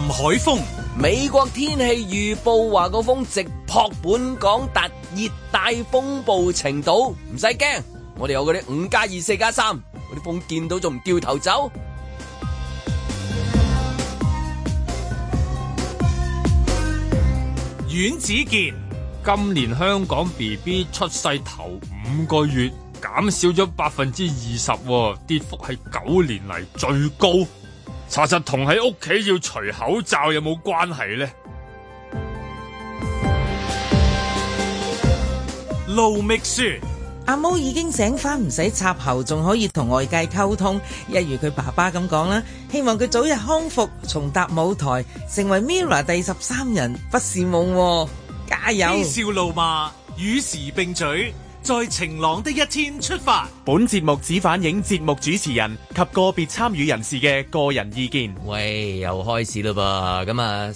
林海峰，美國天氣預報話個風直撲本港達熱帶風暴程度，唔使驚，我哋有嗰啲五加二、四加三，嗰啲風見到仲唔掉頭走？阮子健，今年香港 BB 出世頭五個月減少咗百分之二十，跌幅係九年嚟最高。查實同喺屋企要除口罩有冇關係呢？路秘書，阿毛已經醒翻，唔使插喉，仲可以同外界溝通。一如佢爸爸咁講啦，希望佢早日康復，重踏舞台，成為 MIRROR 第十三人，不是夢，哦，加油！嬉笑怒罵，與時並舉。在晴朗的一天出發。本節目只反映節目主持人及個別參與人士嘅個人意見。喂，又開始啦噃。咁啊！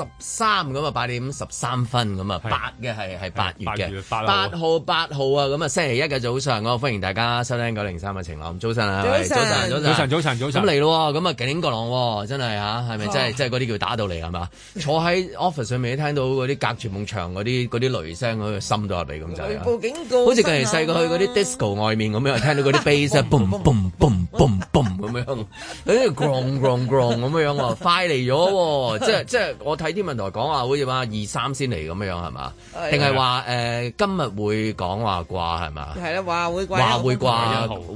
十三咁啊，八點十三分咁啊，八嘅係係八月嘅八號八號啊，咁啊星期一嘅早上，我歡迎大家收聽九零三嘅晴朗，早晨啊，早晨早晨早晨早晨早晨咁嚟咯，咁啊警過浪，真係吓，係咪真係真係嗰啲叫打到嚟啊嘛？坐喺 office 上面聽到嗰啲隔住埲牆嗰啲嗰啲雷聲，我心都吓閉咁就，好似近年細個去嗰啲 disco 外面咁樣，聽到嗰啲 bass 嘣嘣嘣嘣嘣咁樣，誒，growl growl growl 咁樣啊，快嚟咗，即係即係我睇。喺天文台講話好似話二三先嚟咁樣樣係嘛？定係話誒今日會講話掛係嘛？係啦，話會掛，話會掛，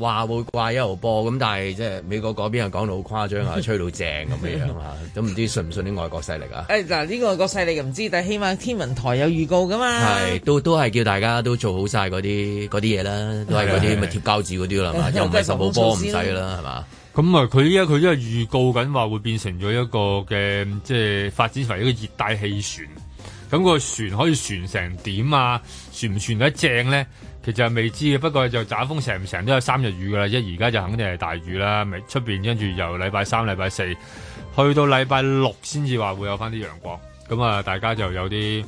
話會掛一號波咁，但係即係美國嗰邊又講到好誇張啊， 吹到正咁嘅樣啊，都唔知信唔信啲外國勢力啊？誒嗱、哎，呢個外國勢力唔知，但係起碼天文台有預告噶嘛。係，都都係叫大家都做好晒嗰啲啲嘢啦，都係嗰啲咪貼膠紙嗰啲啦，係嘛？又唔係十號波唔使、呃、啦，係嘛？咁啊！佢依家佢依家預告緊話會變成咗一個嘅即係發展為一個熱帶氣旋，咁、那個船可以船成點啊？船唔船得正咧？其實係未知嘅。不過就打風成唔成都有三日雨噶啦，一而家就肯定係大雨啦。咪出邊，跟住由禮拜三、禮拜四去到禮拜六先至話會有翻啲陽光。咁啊，大家就有啲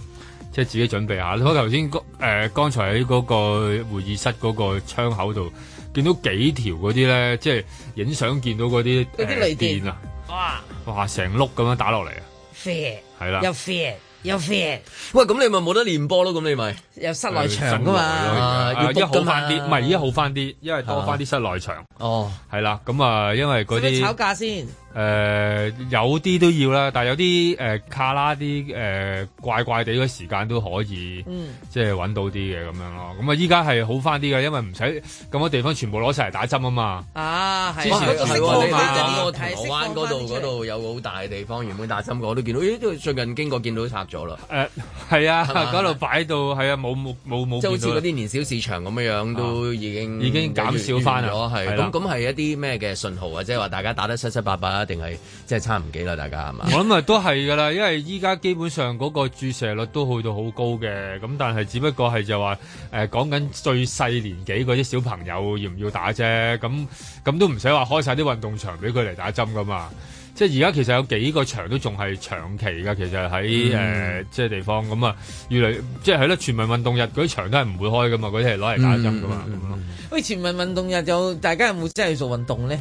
即係自己準備下。咁頭先誒剛才喺嗰、呃、個會議室嗰個窗口度。見到幾條嗰啲咧，即係影相見到嗰啲嗰啲雷電、呃、fair, you fair, you fair. 啊！哇哇，啊，成碌咁樣打落嚟啊！fair 係啦，又 fair 又 fair。喂，咁你咪冇得練波咯？咁你咪有室內場噶嘛？啊，依家好翻啲，唔係依家好翻啲，因為多翻啲室內場。哦、uh.，係啦，咁啊，因為嗰啲炒價先。誒有啲都要啦，但係有啲誒卡拉啲誒怪怪哋嘅時間都可以，即係揾到啲嘅咁樣咯。咁啊依家係好翻啲嘅，因為唔使咁多地方全部攞晒嚟打針啊嘛。啊，係啊，你講過銅鑼灣嗰度嗰度有好大嘅地方，原本打針嘅我都見到，咦，最近經過見到拆咗啦。誒，係啊，嗰度擺到係啊，冇冇冇。即係好似嗰啲年宵市場咁樣樣都已經已經減少翻咗係。咁咁係一啲咩嘅信號啊？即係話大家打得七七八八。定係即係差唔幾啦，大家係嘛？我諗啊， 都係噶啦，因為依家基本上嗰個注射率都去到好高嘅，咁但係只不過係就話誒講緊最細年紀嗰啲小朋友要唔要打啫，咁咁都唔使話開晒啲運動場俾佢嚟打針噶嘛。即係而家其實有幾個場都仲係長期㗎，其實喺誒即係地方咁啊，越嚟即係係咯全民運動日嗰啲場都係唔會開㗎嘛，嗰啲係攞嚟打針㗎嘛。喂，全民運動日就大家有冇真係做運動咧？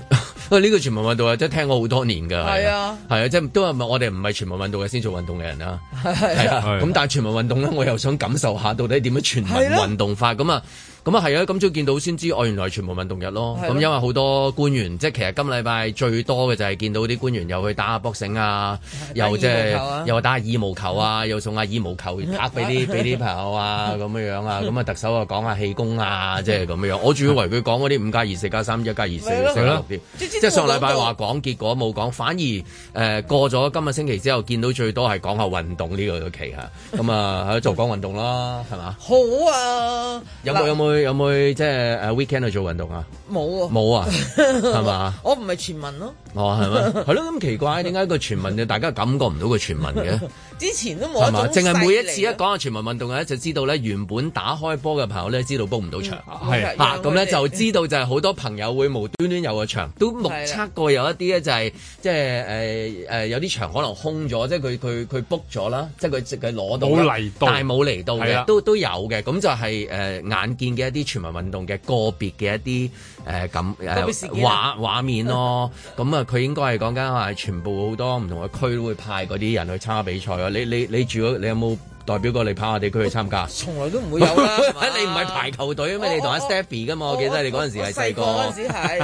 喂，呢個全民運動日真係聽過好多年㗎。係啊，係啊，即係、啊就是、都係我哋唔係全民運動嘅先做運動嘅人啦？係係啊，咁但係全民運動咧，我又想感受下到底點樣全民運動法咁啊。咁啊，係啊！今朝見到先知，我原來全部運動日咯。咁因為好多官員，即係其實今禮拜最多嘅就係見到啲官員又去打下搏繩啊，又即係又打下羽毛球啊，又送下羽毛球拍俾啲俾啲朋友啊，咁樣樣啊。咁啊，特首啊講下氣功啊，即係咁樣。我仲以為佢講嗰啲五加二、四加三、一加二、四、四、六、即係上禮拜話講，結果冇講，反而誒過咗今個星期之後，見到最多係講下運動呢個期啊。咁啊，喺度做講運動啦，係嘛？好啊！有冇有冇？有冇即係誒 weekend 去做運動有啊，啊？冇啊，冇啊，係嘛？我唔係全民咯。哦，係咪？係咯，咁奇怪，點解個全民就大家感覺唔到個全民嘅？之前都冇，係嘛？淨係每一次一講下全民運動咧，就知道咧原本打開波嘅朋友咧，知道 book 唔到場，係嚇咁咧，就知道就係好多朋友會無端端有個場，都目測過有一啲咧就係即係誒誒有啲場可能空咗，即係佢佢佢 book 咗啦，即係佢直係攞到，但係冇嚟到嘅，都都有嘅，咁就係誒眼見嘅一啲全民運動嘅個別嘅一啲。誒咁誒畫畫面咯，咁啊佢應該係講緊話係全部好多唔同嘅區都會派嗰啲人去參加比賽咯。你你你住咗，你有冇？代表過嚟跑我哋區去參加，從來都唔會有啦。你唔係排球隊啊嘛？你同阿 Stephy 㗎嘛？我記得你嗰陣時係細個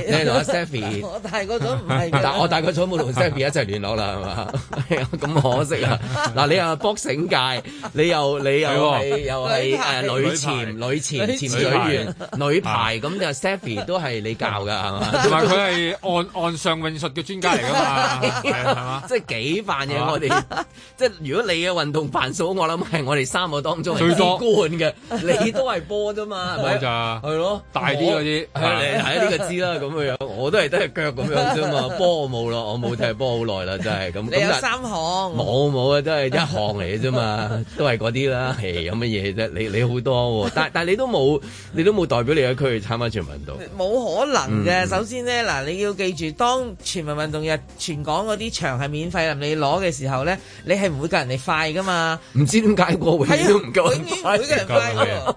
你同阿 Stephy。我大係嗰唔係。但我大概冇同 Stephy 一齊聯絡啦，係嘛？咁可惜啊！嗱，你又博晒界，你又你又係又係誒女潛女潛潛水員女排，咁就 Stephy 都係你教㗎係嘛？同埋佢係岸岸上運術嘅專家嚟㗎嘛？係啊，即係幾煩嘢我哋。即係如果你嘅運動範疇，我諗。係我哋三個當中係最冠嘅。 你都係波啫嘛，咪咋？係咯，大啲嗰啲，睇呢個知啦。咁嘅樣，我都係都係腳咁樣啫嘛。波冇啦，我冇踢波好耐啦，真係咁。 你有三項，冇冇啊，都係一項嚟嘅啫嘛，都係嗰啲啦。有乜嘢啫？你你好多喎，但但你都冇，你都冇代表你嘅區去參加全民運動。冇 可能嘅，首先咧嗱，你要記住，當全民運動日全港嗰啲場係免費任你攞嘅時候咧，你係唔會夠人哋快噶嘛？唔知點解。介過永遠都唔夠，永遠每個人介，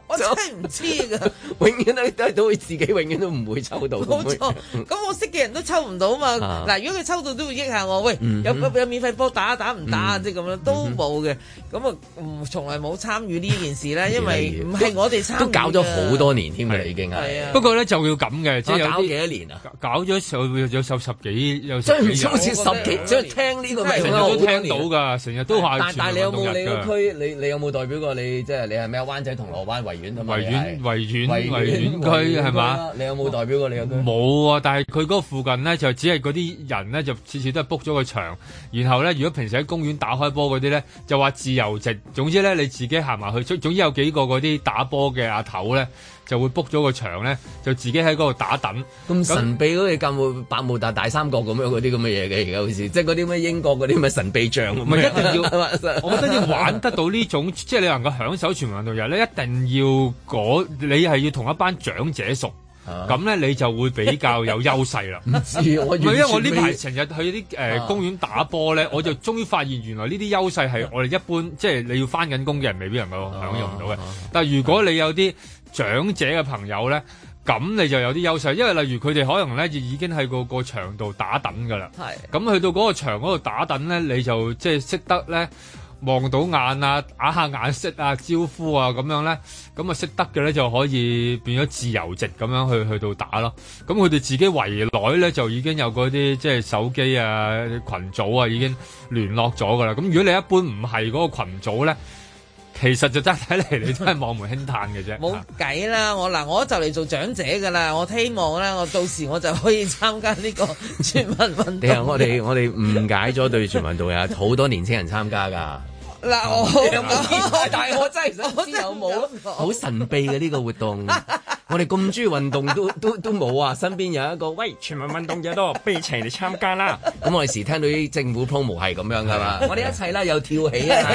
我真係唔知㗎。永遠都都都會自己永遠都唔會抽到，冇錯。咁我識嘅人都抽唔到嘛。嗱，如果佢抽到都會益下我。喂，有免費波打打唔打？即係咁樣都冇嘅。咁啊，唔從來冇參與呢件事咧，因為唔係我哋參與。都搞咗好多年添啦，已經係。不過咧就要咁嘅，即係搞幾多年啊？搞咗十有十十幾，有十唔知好似十幾。即係聽呢個咁樣聽到㗎，成日都話。但係你有冇你區你？你有冇代表過你即係你係咩灣仔銅鑼灣維園、維園、維是園、維園區係嘛？吧你有冇代表過你個區？冇啊，啊！但係佢嗰個附近咧就只係嗰啲人咧就次次都係 book 咗個場，然後咧如果平時喺公園打開波嗰啲咧就話自由席。總之咧你自己行埋去，總之有幾個嗰啲打波嘅阿頭咧。就會 book 咗個場咧，就自己喺嗰度打等，咁神秘好似咁，嗯、木百慕達大三角咁樣嗰啲咁嘅嘢嘅，而家好似即係嗰啲咩英國嗰啲咩神秘像。唔一定要， 我覺得要玩得到呢種，即係你能夠享受全民運動日咧，你一定要你係要同一班長者熟咁咧、啊，你就會比較有優勢啦。唔 知我，因為我呢排成日去啲誒公園打波咧，我就終於發現原來呢啲優勢係我哋一般即係你要翻緊工嘅人未必能夠享用到嘅。但係如果你有啲長者嘅朋友呢，咁你就有啲優勢，因為例如佢哋可能呢已已經喺個個場度打等㗎啦。係是，咁去到嗰個場嗰度打等呢，你就即係識得呢，望到眼啊，打下眼色啊，招呼啊咁樣呢，咁啊識得嘅呢，就可以變咗自由席咁樣去去到打咯。咁佢哋自己圍內呢，就已經有嗰啲即係手機啊群組啊已經聯絡咗㗎啦。咁如果你一般唔係嗰個群組呢。其實就真係睇嚟，你真係望梅興嘆嘅啫。冇計啦，我嗱，我就嚟做長者噶啦，我希望咧，我到時我就可以參加呢個全民運動。 你，我哋我哋誤解咗對全民運動 有好多年輕人參加㗎。嗱我，但係我真係想知有冇好神秘嘅呢個活動。我哋咁中意運動都都都冇啊！身邊有一個，喂，全民運動嘅多，歡迎嚟參加啦。咁我哋時聽到啲政府 promo 係咁樣㗎啦。我哋一齊啦，又跳起啊，係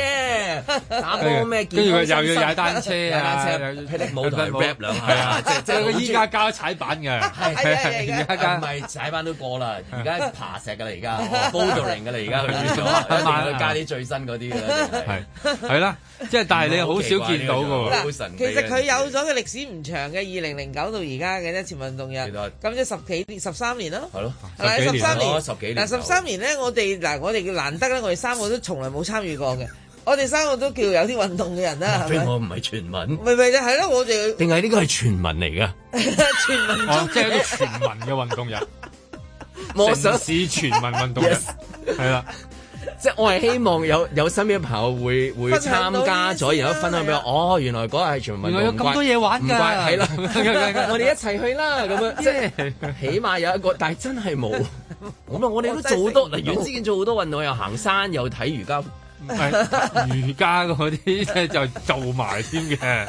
啊，打波咩？跟住佢又要踩單車啊，喺啲舞台 rap 兩下啊，即係佢依家教踩板嘅，係係係，依家咪踩板都過啦，而家爬石㗎啦，而家高造型㗎啦，而家佢變咗，佢加啲最新嗰啲。係係啦，即係 但係你好少見到嘅 其實佢有咗嘅歷史唔長嘅，二零零九到而家嘅啫，全民運動日，咁即係十幾年十三年咯。係咯，十三年，十三年咧，我哋嗱，我哋叫難得咧，我哋三個都從來冇參與過嘅，我哋三個都叫有啲運動嘅人啦，係咪？ 我唔係全民，唔係就係咯，我哋定係呢個係全民嚟中噶 哦？全民即係啲全民嘅運動人，我想 城市全民運動人係啦。 Yes. 即係我係希望有有身邊嘅朋友會會參加咗，然後分享俾我。哦，原來嗰日係全民運動。原來有咁多嘢玩唔怪噶，係咯，我哋一齊去啦。咁樣即係 Yeah 起碼有一個，但係真係冇。咁啊，我哋都做好多。嗱，阮之健做好多運動，又行山，又睇瑜伽，唔係瑜伽嗰啲咧就做埋添嘅。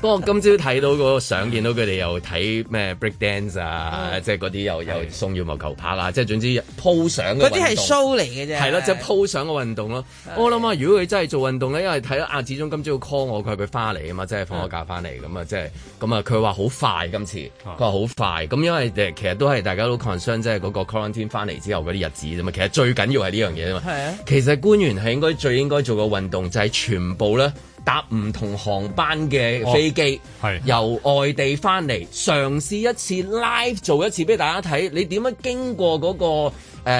不過今朝睇到個相，見到佢哋又睇咩 break dance 啊，嗯、即係嗰啲又的又送羽毛球拍啊，即係總之 po 相嗰啲係 show 嚟嘅啫，係啦，即係 po 相嘅運動咯。我諗啊，如果佢真係做運動咧，因為睇到阿子中今朝 call 我，佢係佢翻嚟啊嘛，即係放學假翻嚟咁啊，即係咁啊，佢話好快今次，佢話好快。咁、嗯、因為其實都係大家都 concern 即係嗰個 quarantine 翻嚟之後嗰啲日子啫嘛，其實最緊要係呢樣嘢啊嘛。係啊的，其實官員係應該最應該做嘅運動就係、是、全部咧。搭唔同航班嘅飛機，係由外地翻嚟，嘗試一次 live 做一次俾大家睇，你點樣經過嗰個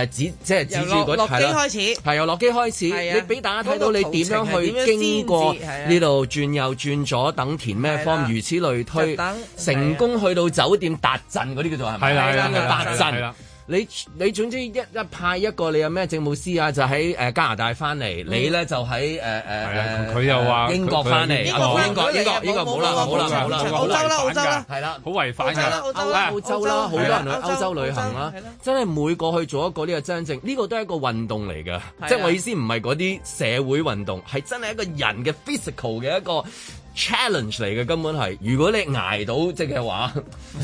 指即係指住落機開始？係由落機開始，你俾大家睇到你點樣去經過呢度轉右轉左，等填咩 form，如此類推，成功去到酒店達陣嗰啲叫做係咪？係啦，達陣。你你總之一一派一個你有咩政務司啊？就喺誒加拿大翻嚟，你咧就喺誒誒。係佢又話英國翻嚟，英國英國，呢個呢個好啦，好啦，好啦，唔好啦，澳洲啦，澳洲啦，係啦，好違法㗎。澳洲啦，澳洲啦，好多人去歐洲旅行啦，真係每個去做一個呢個真正，呢個都係一個運動嚟㗎，即係我意思唔係嗰啲社會運動，係真係一個人嘅 physical 嘅一個。challenge 嚟嘅根本係，如果你捱到即話，即係話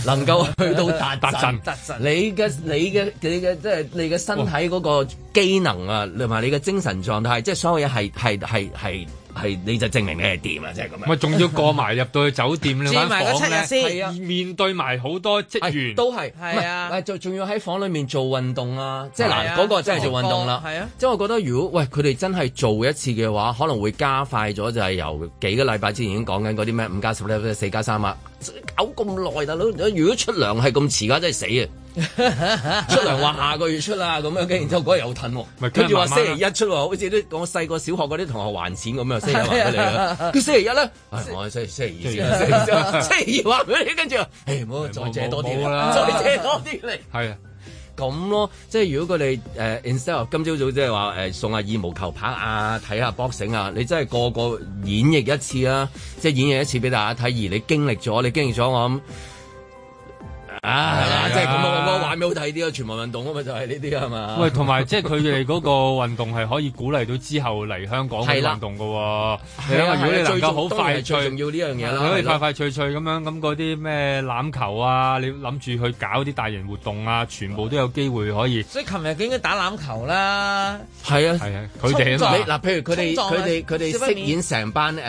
能夠去到達陣，陣，你嘅你嘅你嘅即係你嘅身體嗰個機能啊，同埋你嘅精神狀態，即係所有嘢係係係。係。係你就證明你係掂啊！即係咁樣，咪仲要過埋入到去酒店， 住埋嗰七日先， 面對埋好多職員都係，係啊，仲仲要喺房裏面做運動啊！即係嗱，嗰個真係做運動啦，係啊！即係我覺得，如果喂佢哋真係做一次嘅話，可能會加快咗，就係由幾個禮拜之前已經講緊嗰啲咩五加十咧，四加三啊！搞咁耐大佬，如果出糧係咁遲㗎，真係死啊！ 出糧話下個月出啊，咁樣嘅，然之後嗰日又褪喎，跟住話星期一出，哦， 好似啲我細個小學嗰啲同學還錢咁樣星期一嚟嘅。佢星期一咧，我喺星期星期二，星期二，星期二話俾你，跟住話，誒， 唔好，啊欸，再借多啲啦，再借多啲嚟。係 是啊，咁咯，即係如果佢哋誒、呃、install，今朝早即係話誒送下羽毛球拍啊，睇下 boxing 啊，你真係個個演繹一次啊，即、就、係、是、演繹一次俾大家睇。而你經歷咗，你經歷咗我咁。啊，即係咁我覺得玩咩好睇啲啊，全民運動啊嘛，就係呢啲啊嘛。喂，同埋即係佢哋嗰個運動係可以鼓勵到之後嚟香港嘅運動噶喎。係啊，如果你能夠好快脆，最重要呢樣嘢啦。如果你快快脆脆咁樣，咁嗰啲咩欖球啊，你諗住去搞啲大型活動啊，全部都有機會可以。所以琴日應該打欖球啦。係啊，係啊，佢哋啊。嗱，譬如佢哋佢哋佢哋飾演成班誒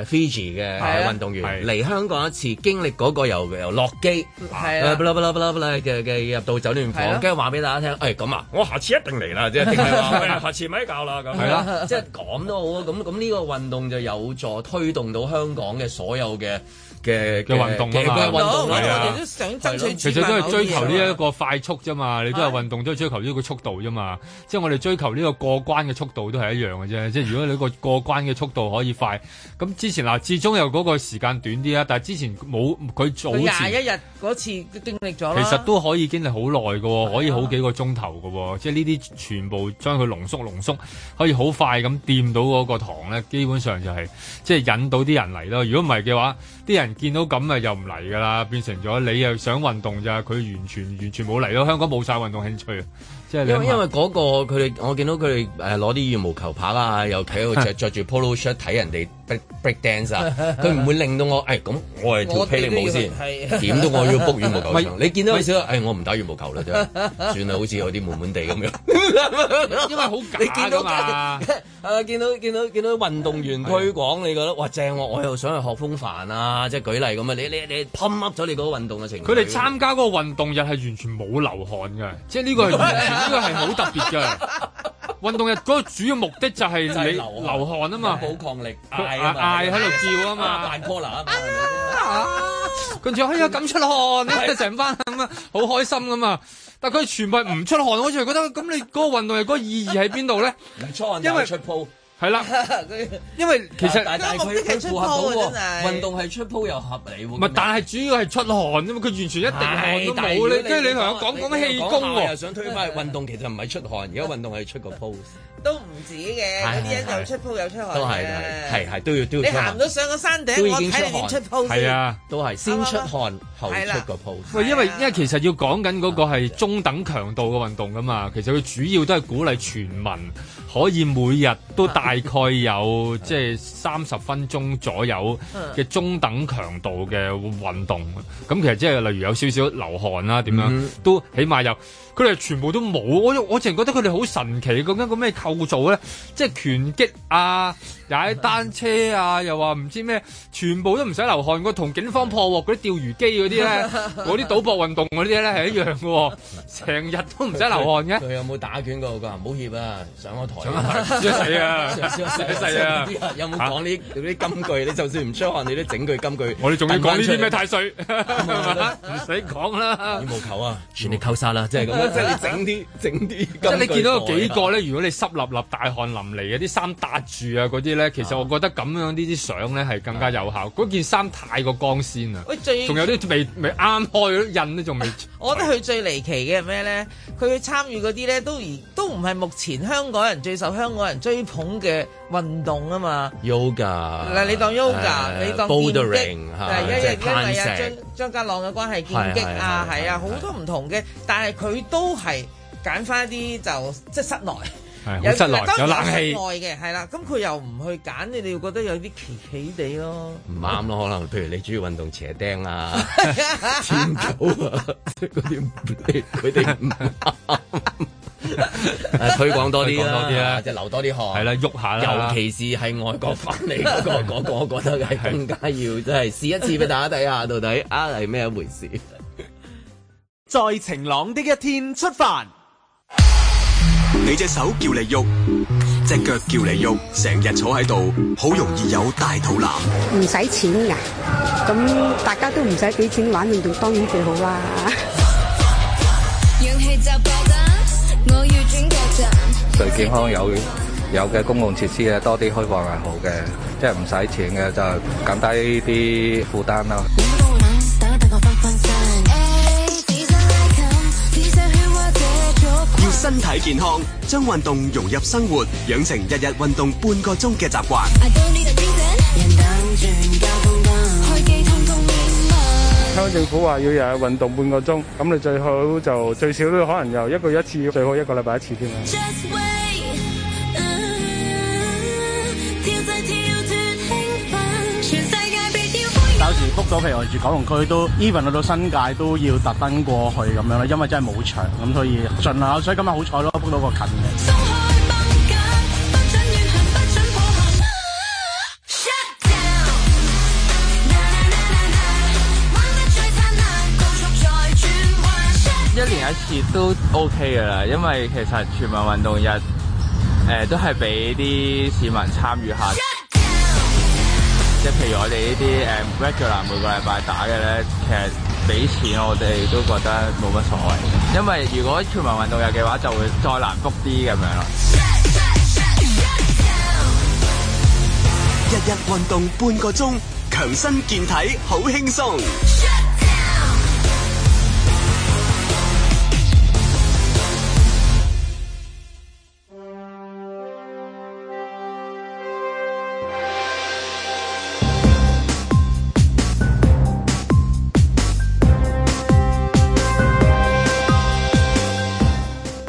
誒斐濟嘅運動員嚟香港一次，經歷嗰個由由落機。係啊。不啦不啦不啦不啦嘅嘅入到酒店房，跟住話俾大家聽。誒、哎、咁啊， 我下次一定嚟啦，即係定係話，下次咪教啦咁。係啦，即係講都好，啊。咁咁呢個運動就有助推動到香港嘅所有嘅。嘅嘅的運動啊嘛，運動嚟對啊，我哋都想爭取其實都係追求呢一個快速啫嘛。的你都係運動，都係追求呢個速度啫嘛。的即係我哋追求呢個過關嘅速度都係一樣嘅啫。 即係如果你個過關嘅速度可以快咁，之前嗱始終有嗰個時間短啲啊。但係之前冇佢早前一日嗰次經歷咗，其實都可以經歷好耐嘅，的可以好幾個鐘頭嘅。即係呢啲全部將佢濃縮濃縮，可以好快咁掂到嗰個糖咧。基本上就係、是、即係引到啲人嚟咯。如果唔係嘅話，啲人見到咁呀又唔嚟㗎啦，變成咗你又想運動咋，佢完全完全冇嚟咯，香港冇晒運動興趣。咁因為嗰、那個佢哋， 我見到佢哋誒攞啲羽毛球拍啊，又喺度着著住 polo shirt 睇人哋 break, break dance 啊，佢唔會令到我誒咁，哎、我係跳霹 a i 先，點都我要 book 羽毛球 你見到少少誒，我唔打羽毛球啦，真 算啦，好似有啲悶悶地咁樣。因為好假㗎嘛。誒、啊，見到見到見到運動員推廣，的你覺得哇正喎！我又想去學風帆啊，即係舉例咁啊！你你你氹 up 咗你嗰個運動嘅情。佢哋參加嗰個運動又係完全冇流汗㗎，即係呢個。 呢個係好特別嘅運動日，嗰個主要目的就係流流汗啊嘛，冇抗力嗌嗌喺度照啊嘛，大波 o o l e 啊嘛，跟住、 啊啊、 哎呀咁出汗你成 是的 班咁啊，好開心咁嘛。但佢全部唔出汗，好似覺得咁你嗰個運動日嗰個意義喺邊度咧？唔、嗯、為出汗因為出泡。係啦， 因為其實 他，大係佢佢出 pose 喎，啊、運動係出 pose 又合理喎，啊。唔係，但係主要係出汗啊嘛，佢完全一定汗都冇。即係 你同我講，講啲氣功又想推翻運動，其實唔係出汗，而家運動係出個 pose。 都唔止嘅，啲嘢又出泡又出汗，係係都要都要。你行到上個山頂，我睇你出泡。係啊，都係先出汗後出個泡。喂，因為因為其實要講緊嗰個係中等強度嘅運動㗎嘛，其實佢主要都係鼓勵全民可以每日都大概有即係三十分鐘左右嘅中等強度嘅運動。咁其實即係例如有少少流汗啦，點樣都起碼有。佢哋全部都冇，我我淨係覺得佢哋好神奇，講緊個咩構造咧？即係拳擊啊，踩單車啊，又話唔知咩，全部都唔使流汗。同警方破獲嗰啲釣魚機嗰啲咧，嗰啲賭博運動嗰啲咧係一樣嘅，成日都唔使流汗嘅。佢有冇打拳過㗎？唔好怯啊，上我台。啊，啊，有冇講呢啲金句？你就算唔出汗，你都整句金句。我哋仲要講呢啲咩太歲？唔使講啦。羽毛球啊，全力扣殺啦，即係咁。即係你整啲整啲，咁 你見到幾個咧？如果你濕立立、大汗淋漓嘅啲衫搭住啊嗰啲咧，其實我覺得咁樣呢啲相咧係更加有效。嗰件衫太過光鮮啦。喂，仲有啲未未啱開，印都仲未。未未未 我覺得佢最離奇嘅係咩咧？佢去參與嗰啲咧都而都唔係目前香港人最受香港人追捧嘅運動啊嘛。Yoga，嗱你當 Yoga，、uh, 你當搏擊嚇，即係攀石。張家朗嘅關係劍擊啊，係啊，好多唔同嘅，是是是是，但係佢都係揀翻一啲就即係室內，內有室內有冷室外嘅，係啦，啊。咁佢又唔去揀，你哋會覺得有啲奇奇地咯，啊。唔啱咯，可能譬如你中意運動斜釘啊、籃球 啊，即嗰啲佢哋唔啱。 推廣多啲啦，就流多啲汗，係啦，喐下啦。尤其是係外國翻嚟嗰個，個個我覺得係更加要，即係試一次俾大家睇下，到底係咩回事。在晴朗的一天出發，你隻手叫你喐，隻腳叫你喐，成日坐喺度，好容易有大肚腩。唔使錢㗎，咁大家都唔使俾錢玩運動，咁當然最好啦。對健康有有嘅公共設施嘅多啲開放係好嘅，即係唔使錢嘅就減低啲負擔咯。要身體健康，將運動融入生活，養成日日運動半個鐘嘅習慣。香港政府話要日日運動半個鐘，咁你最好就最少都可能由一個月一次，最好一個禮拜一次添啊。book 到，譬如我住九龍區，都 even 去到新界都要特登過去咁樣咧，因為真係冇場，咁所以盡量。所以今日好彩咯 book 到個近嘅。一年一次都 OK 噶啦，因為其實全民運動日誒、呃、都係俾啲市民參與下。即係譬如我哋呢啲誒，regular 啦，每個禮拜打嘅咧，其實俾錢我哋都覺得冇乜所謂。因為如果全民運動日嘅話，就會再難谷啲咁樣咯。日日運動半個鐘，強身健體好輕鬆。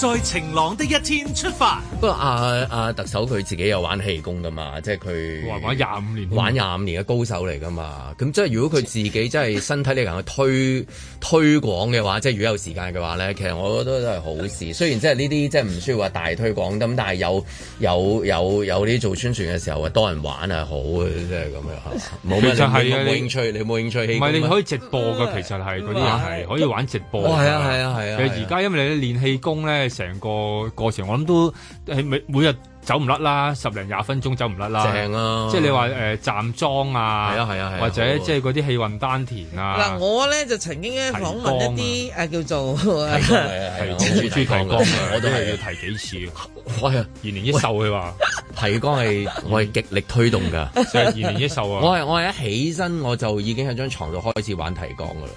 在晴朗的一天出發。不過阿阿特首佢自己有玩氣功噶嘛，即係佢玩廿五年，玩廿五年嘅高手嚟噶嘛。咁即係如果佢自己真係身體力行去推推廣嘅話，即係如果有時間嘅話咧，其實我覺得都係好事。雖然即係呢啲即係唔需要話大推廣，咁但係有有有有啲做宣傳嘅時候啊，多人玩啊，好，即係咁樣。冇乜興趣，你冇興趣？唔係，你可以直播噶，其實係。嗰啲係可以玩直播。係啊係啊係啊。其實而家因為你練氣功咧。成個過程我諗都係每每日走唔甩啦，十零廿分鐘走唔甩啦。正啊！即係你話誒站樁啊，係啊係啊，或者即係嗰啲氣運丹田啊。嗱，我咧就曾經咧訪問一啲誒叫做。提肛啊！提提提肛啊！我都係要提幾次。我喂，延年益壽佢話。提肛係我係極力推動㗎，所以延年益壽啊！我係我係一起身我就已經喺張床度開始玩提肛㗎啦。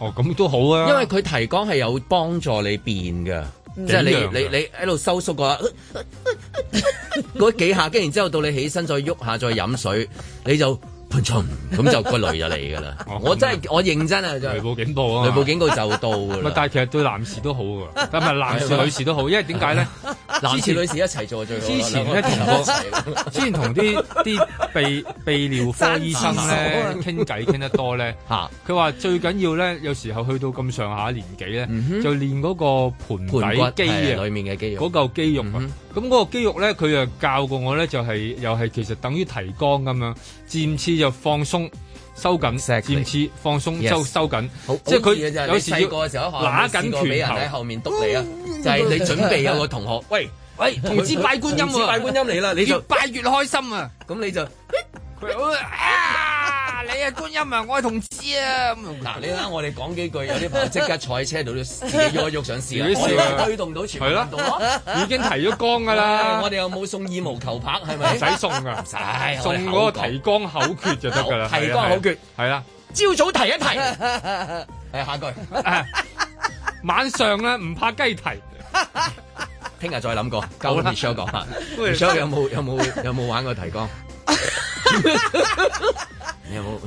哦，咁都好啊，因為佢提肛係有幫助你變噶，即係你你你喺度收縮個嗰幾下，跟然之後到你起身再喐下，再飲水，你就。咁就個雷就嚟噶啦！我真係我認真啊，雷暴警告啊！雷暴警告就到啦。但係其實對男士都好噶，但係男士女士都好，因為點解咧？男士女士一齊做最好。之前咧同我，之前同啲啲泌泌尿科醫生咧傾偈傾得多咧，吓佢話最緊要咧，有時候去到咁上下年紀咧，就練嗰個盆底肌裏面嘅肌肉，嗰嚿肌肉。咁嗰個肌肉咧，佢又教過我咧，就係又係其實等於提肛咁樣，漸次就放鬆收緊，漸次放鬆就收緊，即係佢有時個時候拿緊拳頭俾人喺後面督你啊，就係你準備有個同學，喂喂，同志拜觀音喎，拜觀音嚟啦，你越拜越開心啊，咁你就。係啊，觀音啊，我係同志啊！嗱，你睇下我哋講幾句，有啲朋友即刻坐喺車度都自己喐一喐想試，推動到全民運動。已經提咗肛㗎喇，我哋有冇送羽毛球拍？係咪唔使送㗎？唔使送嗰個提肛口訣就得㗎喇。提肛口訣係啦，朝早提一提，係下句。晚上咧唔怕雞啼。」聽日再諗過。夠啦，Michelle 講啊，Michelle 有冇有冇有冇玩過提肛？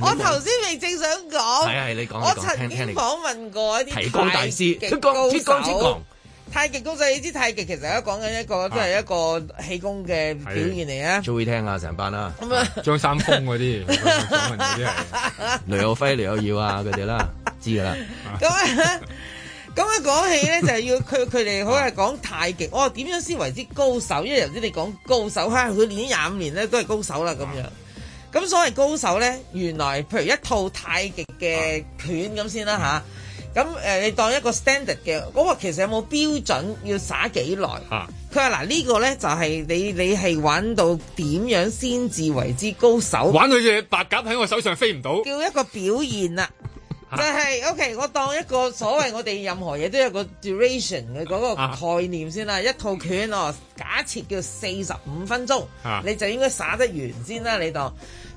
我頭先未正想講，我曾經訪問過一啲提高大師，提高提高提高，太極高手，你知太極其實而家講緊一個都係一個氣功嘅表現嚟啊！最聽啊，成班啦，張三豐嗰啲，雷友輝、雷友耀啊，佢哋啦，知噶啦。咁啊，咁啊，講起咧就係要佢佢哋好係講太極，我點樣先為之高手？因為頭先你講高手，哈，佢練咗廿五年咧都係高手啦，咁樣。咁所謂高手呢，原來譬如一套太極嘅拳咁、啊、先啦吓咁誒，你當一個 standard 嘅嗰、那個其實有冇標準要耍幾耐？嚇、啊，佢話嗱呢個呢就係你你係玩到點樣先至為之高手？玩佢隻白鴿喺我手上飛唔到。叫一個表現啦，啊、就係、是、OK。我當一個所謂我哋任何嘢都有個 duration 嘅嗰個概念先啦。啊、一套拳哦，假設叫四十五分鐘，啊、你就應該耍得完先啦。你當。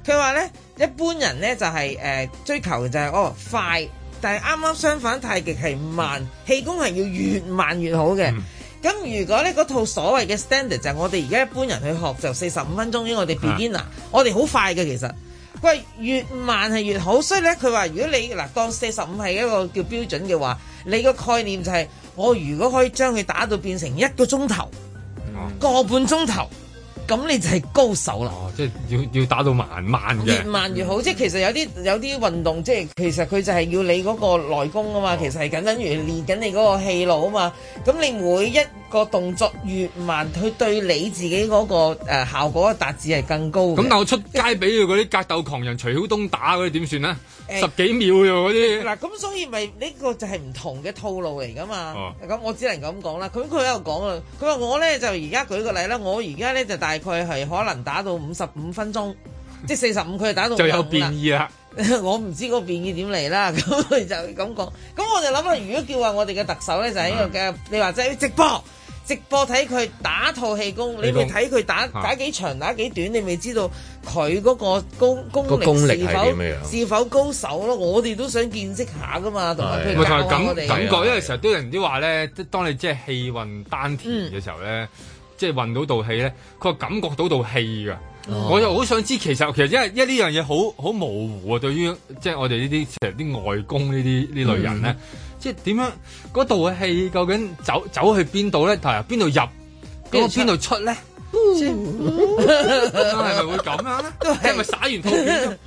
佢話呢，一般人呢就係、是、誒、呃、追求就係、是、哦快，但係啱啱相反，太極係慢，氣功係要越慢越好嘅。咁、嗯、如果呢嗰套所謂嘅 standard 就我哋而家一般人去學就四十五分鐘 beginner，嗯，因為我哋 beginner 我哋好快嘅其實，喂越慢係越好。所以呢，佢話如果你嗱當四十五係一個叫標準嘅話，你個概念就係、是、我如果可以將佢打到變成一個鐘頭、嗯、個半鐘頭，咁你就係高手啦！哦，即係要要打到慢慢嘅，越慢越好。即係其實有啲有啲運動，即係其實佢就係要你嗰個內功啊嘛。哦、其實係緊等於練緊你嗰個氣路啊嘛。咁你每一個動作越慢，佢對你自己嗰、嗰個、呃、效果嘅達至係更高。咁但係我出街俾佢嗰啲格鬥狂人徐曉東打嗰啲點算咧？欸、十幾秒㗎喎嗰啲。嗱咁、欸呃、所以咪呢、呢個就係唔同嘅套路嚟噶嘛。咁、哦、我只能夠咁講啦。咁佢喺度講啊，佢話我咧就而家舉個例啦，我而家咧就大概係可能打到五十五分鐘， 即係四十五佢打到就有變異啦。我唔知個粵語點嚟啦，咁佢就咁講。咁我就諗下，如果叫話我哋嘅特首咧，就係呢個嘅，你話即係直播，直播睇佢打套氣功，你咪睇佢打打幾長打幾短，你咪知道佢嗰個功功力是否是否高手咯？我哋都想見識下噶嘛，同埋即係感感覺，因為成日都有人啲話咧，當你即係氣運丹田嘅時候咧，即係運到道氣咧，佢係感覺到道氣噶。我又好想知，其實其實因為一呢樣嘢好好模糊啊。對於即係我哋呢啲其實啲外公呢啲呢類人咧， 即係點樣嗰度嘅氣究竟走走去邊度咧？係啊，邊度入？咁邊度出咧？即係咪會咁樣咧？係咪灑完套片？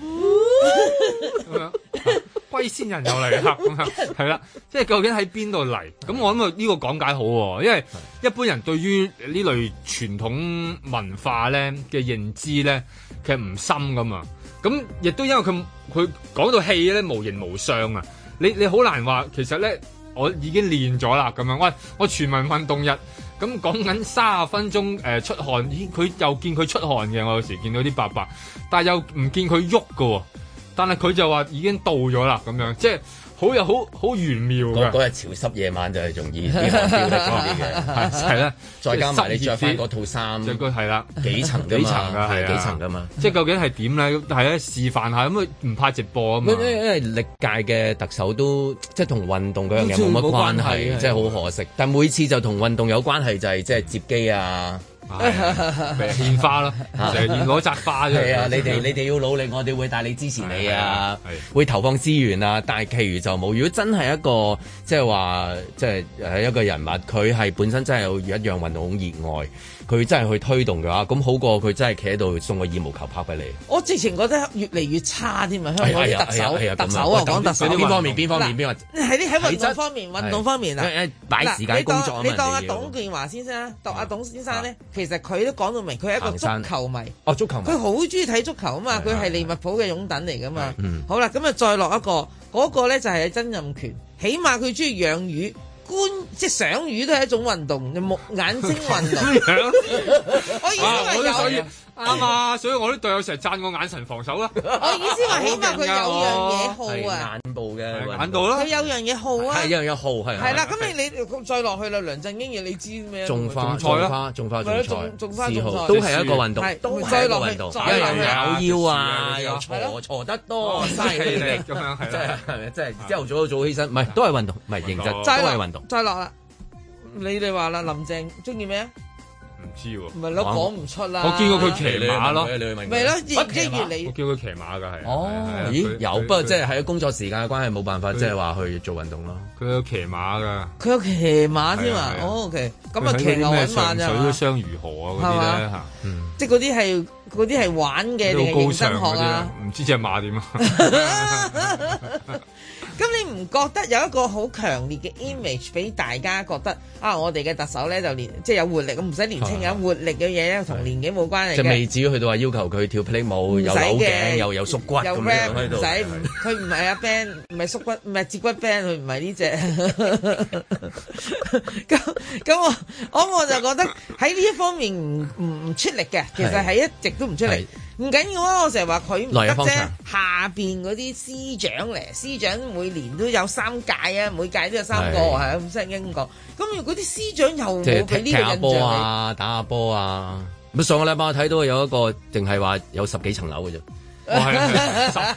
龜仙人又嚟喇，係啦， 即係究竟喺邊度嚟？咁我諗啊，呢個講解好喎、哦，因為一般人對於呢類傳統文化咧嘅認知咧，其實唔深噶嘛。咁亦都因為佢佢講到戲咧無形無相啊，你你好難話其實咧，我已經練咗啦咁樣。喂，我全民運動日咁講緊三十分鐘誒、呃、出汗，佢又見佢出汗嘅，我有時見到啲白白，但係又唔見佢喐噶喎。但係佢就話已經到咗啦，咁樣即係好有好好玄妙㗎。嗰嗰日潮濕夜晚就係仲熱，標 的嗰啲嘅係啦，再加埋你着翻嗰套衫，著個係啦幾層幾層㗎係，、啊、幾層㗎嘛？即係究竟係點咧？係啊，示範下咁，佢唔怕直播啊嘛。因。因為歷屆嘅特首都即係同運動嗰樣嘢冇乜關係，即係好可惜。啊、但每次就同運動有關係就係即係接機啊。獻花咯，成日攞摘花嘅。係啊，你哋你哋要努力，我哋會大力支持你啊，會投放資源啊。但係，譬如就冇。如果真係一個即係話，即係誒一個人物，佢係本身真係有一樣運動好熱愛。佢真係去推動嘅話，咁好過佢真係企喺度送個羽毛球拍俾你。我直情覺得越嚟越差添啊，香港特首，特首啊，講特首邊方面？邊方面？邊話？喺啲喺運動方面，運動方面啊，擺時間工作啊嘛。你當你當阿董建華先生啊，當阿董先生咧，其實佢都講到明，佢係一個足球迷。哦，足球。佢好中意睇足球啊嘛，佢係利物浦嘅擁躉嚟噶嘛。好啦，咁啊再落一個，嗰個咧就係曾蔭權，起碼佢中意養魚。觀即係賞魚都係一種運動，目眼睛運動。我以為有。啊還要 啱啊，所以我啲隊友成日讚我眼神防守啦。我意思話，起碼佢有樣嘢好啊，眼部嘅眼部啦。佢有樣嘢好啊，係一樣嘢好係。係啦，咁你你再落去啦，梁振英你知咩？種花種菜花種花種菜。係咯，種種花種菜，都係一個運動，都係一個運動。因為扭腰啊，坐坐得多，嘥氣力咁樣，即係即係朝頭早都早起身，唔係都係運動，唔係認真都係運動。再落啦，你哋話啦，林鄭中意咩？唔知喎，唔係咯，講唔出啦。我見過佢騎馬咯，李慧文。咪係咯，一月你我叫佢騎馬㗎係。哦，咦有，不過即係喺工作時間嘅關係，冇辦法即係話去做運動咯。佢有騎馬㗎，佢有騎馬添啊，OK，哦咁啊騎牛揾馬就。上水都雙魚河啊，嗰啲啦嚇，嗯，即係嗰啲係嗰啲係玩嘅，你係真學啊？唔知隻馬點啊？咁你唔覺得有一個好強烈嘅 image 俾大家覺得啊？我哋嘅特首咧就年即係有活力，唔使年青人活力嘅嘢咧，同年紀冇關係。即係未至於去到話要求佢跳霹靂舞，有頸又有縮骨咁樣。唔使，佢唔係阿 band，唔係縮骨，唔係接骨 band，佢唔係呢隻。咁咁我我我就覺得喺呢一方面唔唔出力嘅，其實係一直都唔出力，唔緊要啊！我成日話佢唔得啫，下邊嗰啲司長嚟，司長會年都有三屆啊，每屆都有三個，係咁識英國。咁如果啲司長又冇佢呢印象嚟，踢下波啊，打下波啊。咁上個禮拜我睇到有一個，淨係話有十幾層樓嘅啫。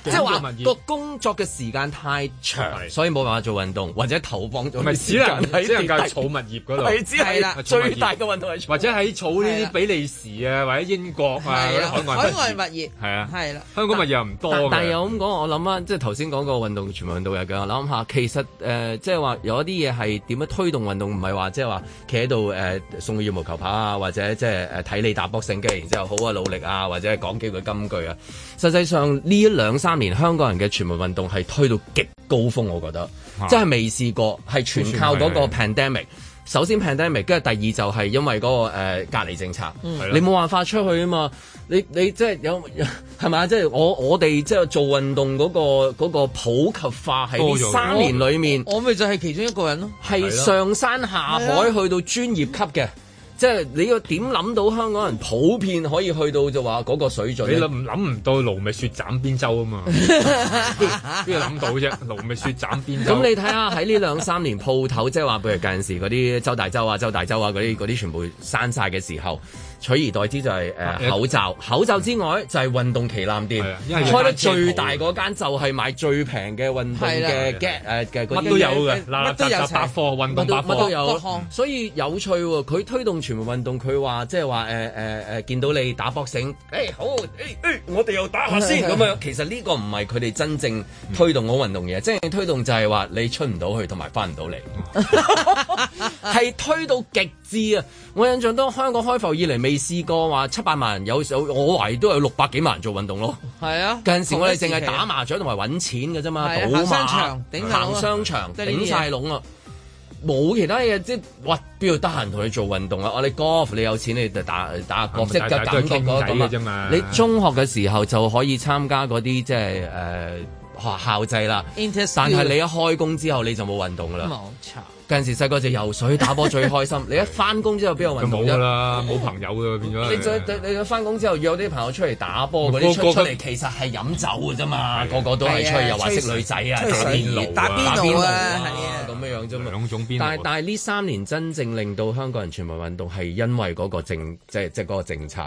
即係話個工作嘅時間太長，所以冇辦法做運動，或者投放咗，咪只能喺儲物業嗰度。係啦，最大嘅運動係，或者喺儲呢啲比利時啊，或者英國啊嗰啲海外海外物業係啊，係啦，香港物業又唔多。但係又咁講，我諗翻即係頭先講個運動全民運動嘅，我諗下其實誒，即係話有一啲嘢係點樣推動運動，唔係話即係話企喺度誒送個羽毛球拍啊，或者即係誒睇你打波勝機，然之後好啊努力啊，或者講幾句金句啊，實際。上呢一兩三年，香港人嘅全民運動係推到極高峰，我覺得，即係未試過，係全靠嗰個 pandemic。係係係首先 pandemic，跟住第二就係因為嗰、嗰個、呃、隔離政策，嗯、你冇辦法出去啊嘛！你你即係有係咪啊？即係、就係、我我哋即係做運動嗰、嗰個嗰個普及化喺三年裡面，我咪就係其中一個人咯、啊，係上山下海去到專業級嘅。嗯 即係你要點諗到香港人普遍可以去到就話嗰個水準？你諗，諗唔到，盧覓雪斬邊州啊嘛， 邊諗到啫？盧覓雪斬邊州？咁 你睇下喺呢兩三年鋪頭，即係話譬如近陣時嗰啲周大洲啊、周大洲啊嗰啲啲全部閂晒嘅時候。取而代之就係誒口罩，口罩之外就係運動旗艦店，嗯、開得最大嗰間就係賣最平嘅運動嘅 get 誒嘅乜都有嘅，乜都有百貨，運動百貨都有，所以有趣喎！佢推動全民運動，佢話即係話誒誒誒見到你打波繩，誒好誒誒，我哋又打下先咁啊！其實呢個唔係佢哋真正推動我運動嘅嘢，真正、嗯、推動就係話你出唔到去同埋翻唔到嚟，係 推到極。知啊！我印象當香港開埠以嚟未試過話七百萬人，有時我懷疑都有六百幾萬人做運動咯。係啊，近時我哋淨係打麻雀同埋揾錢嘅啫嘛，賭馬、啊、行商場、頂晒籠啊！冇其他嘢，即係哇！邊度得閒同你做運動啊？我哋 golf，你有錢你打打 golf 即係緊啫嘛。你中學嘅時候就可以參加嗰啲即係誒學校制啦，但係你一開工之後你就冇運動噶啦。冇錯。近時細個就游水打波最開心，你一翻工之後邊有運動啫？冇噶啦，冇朋友嘅變咗。你再你翻工之後約啲朋友出嚟打波嗰啲出嚟，其實係飲酒嘅啫嘛，個個都係出去又話識女仔啊，打邊爐啊，咁嘅樣啫嘛。但係但係呢三年真正令到香港人全民運動係因為嗰個政，即係即係嗰個政策。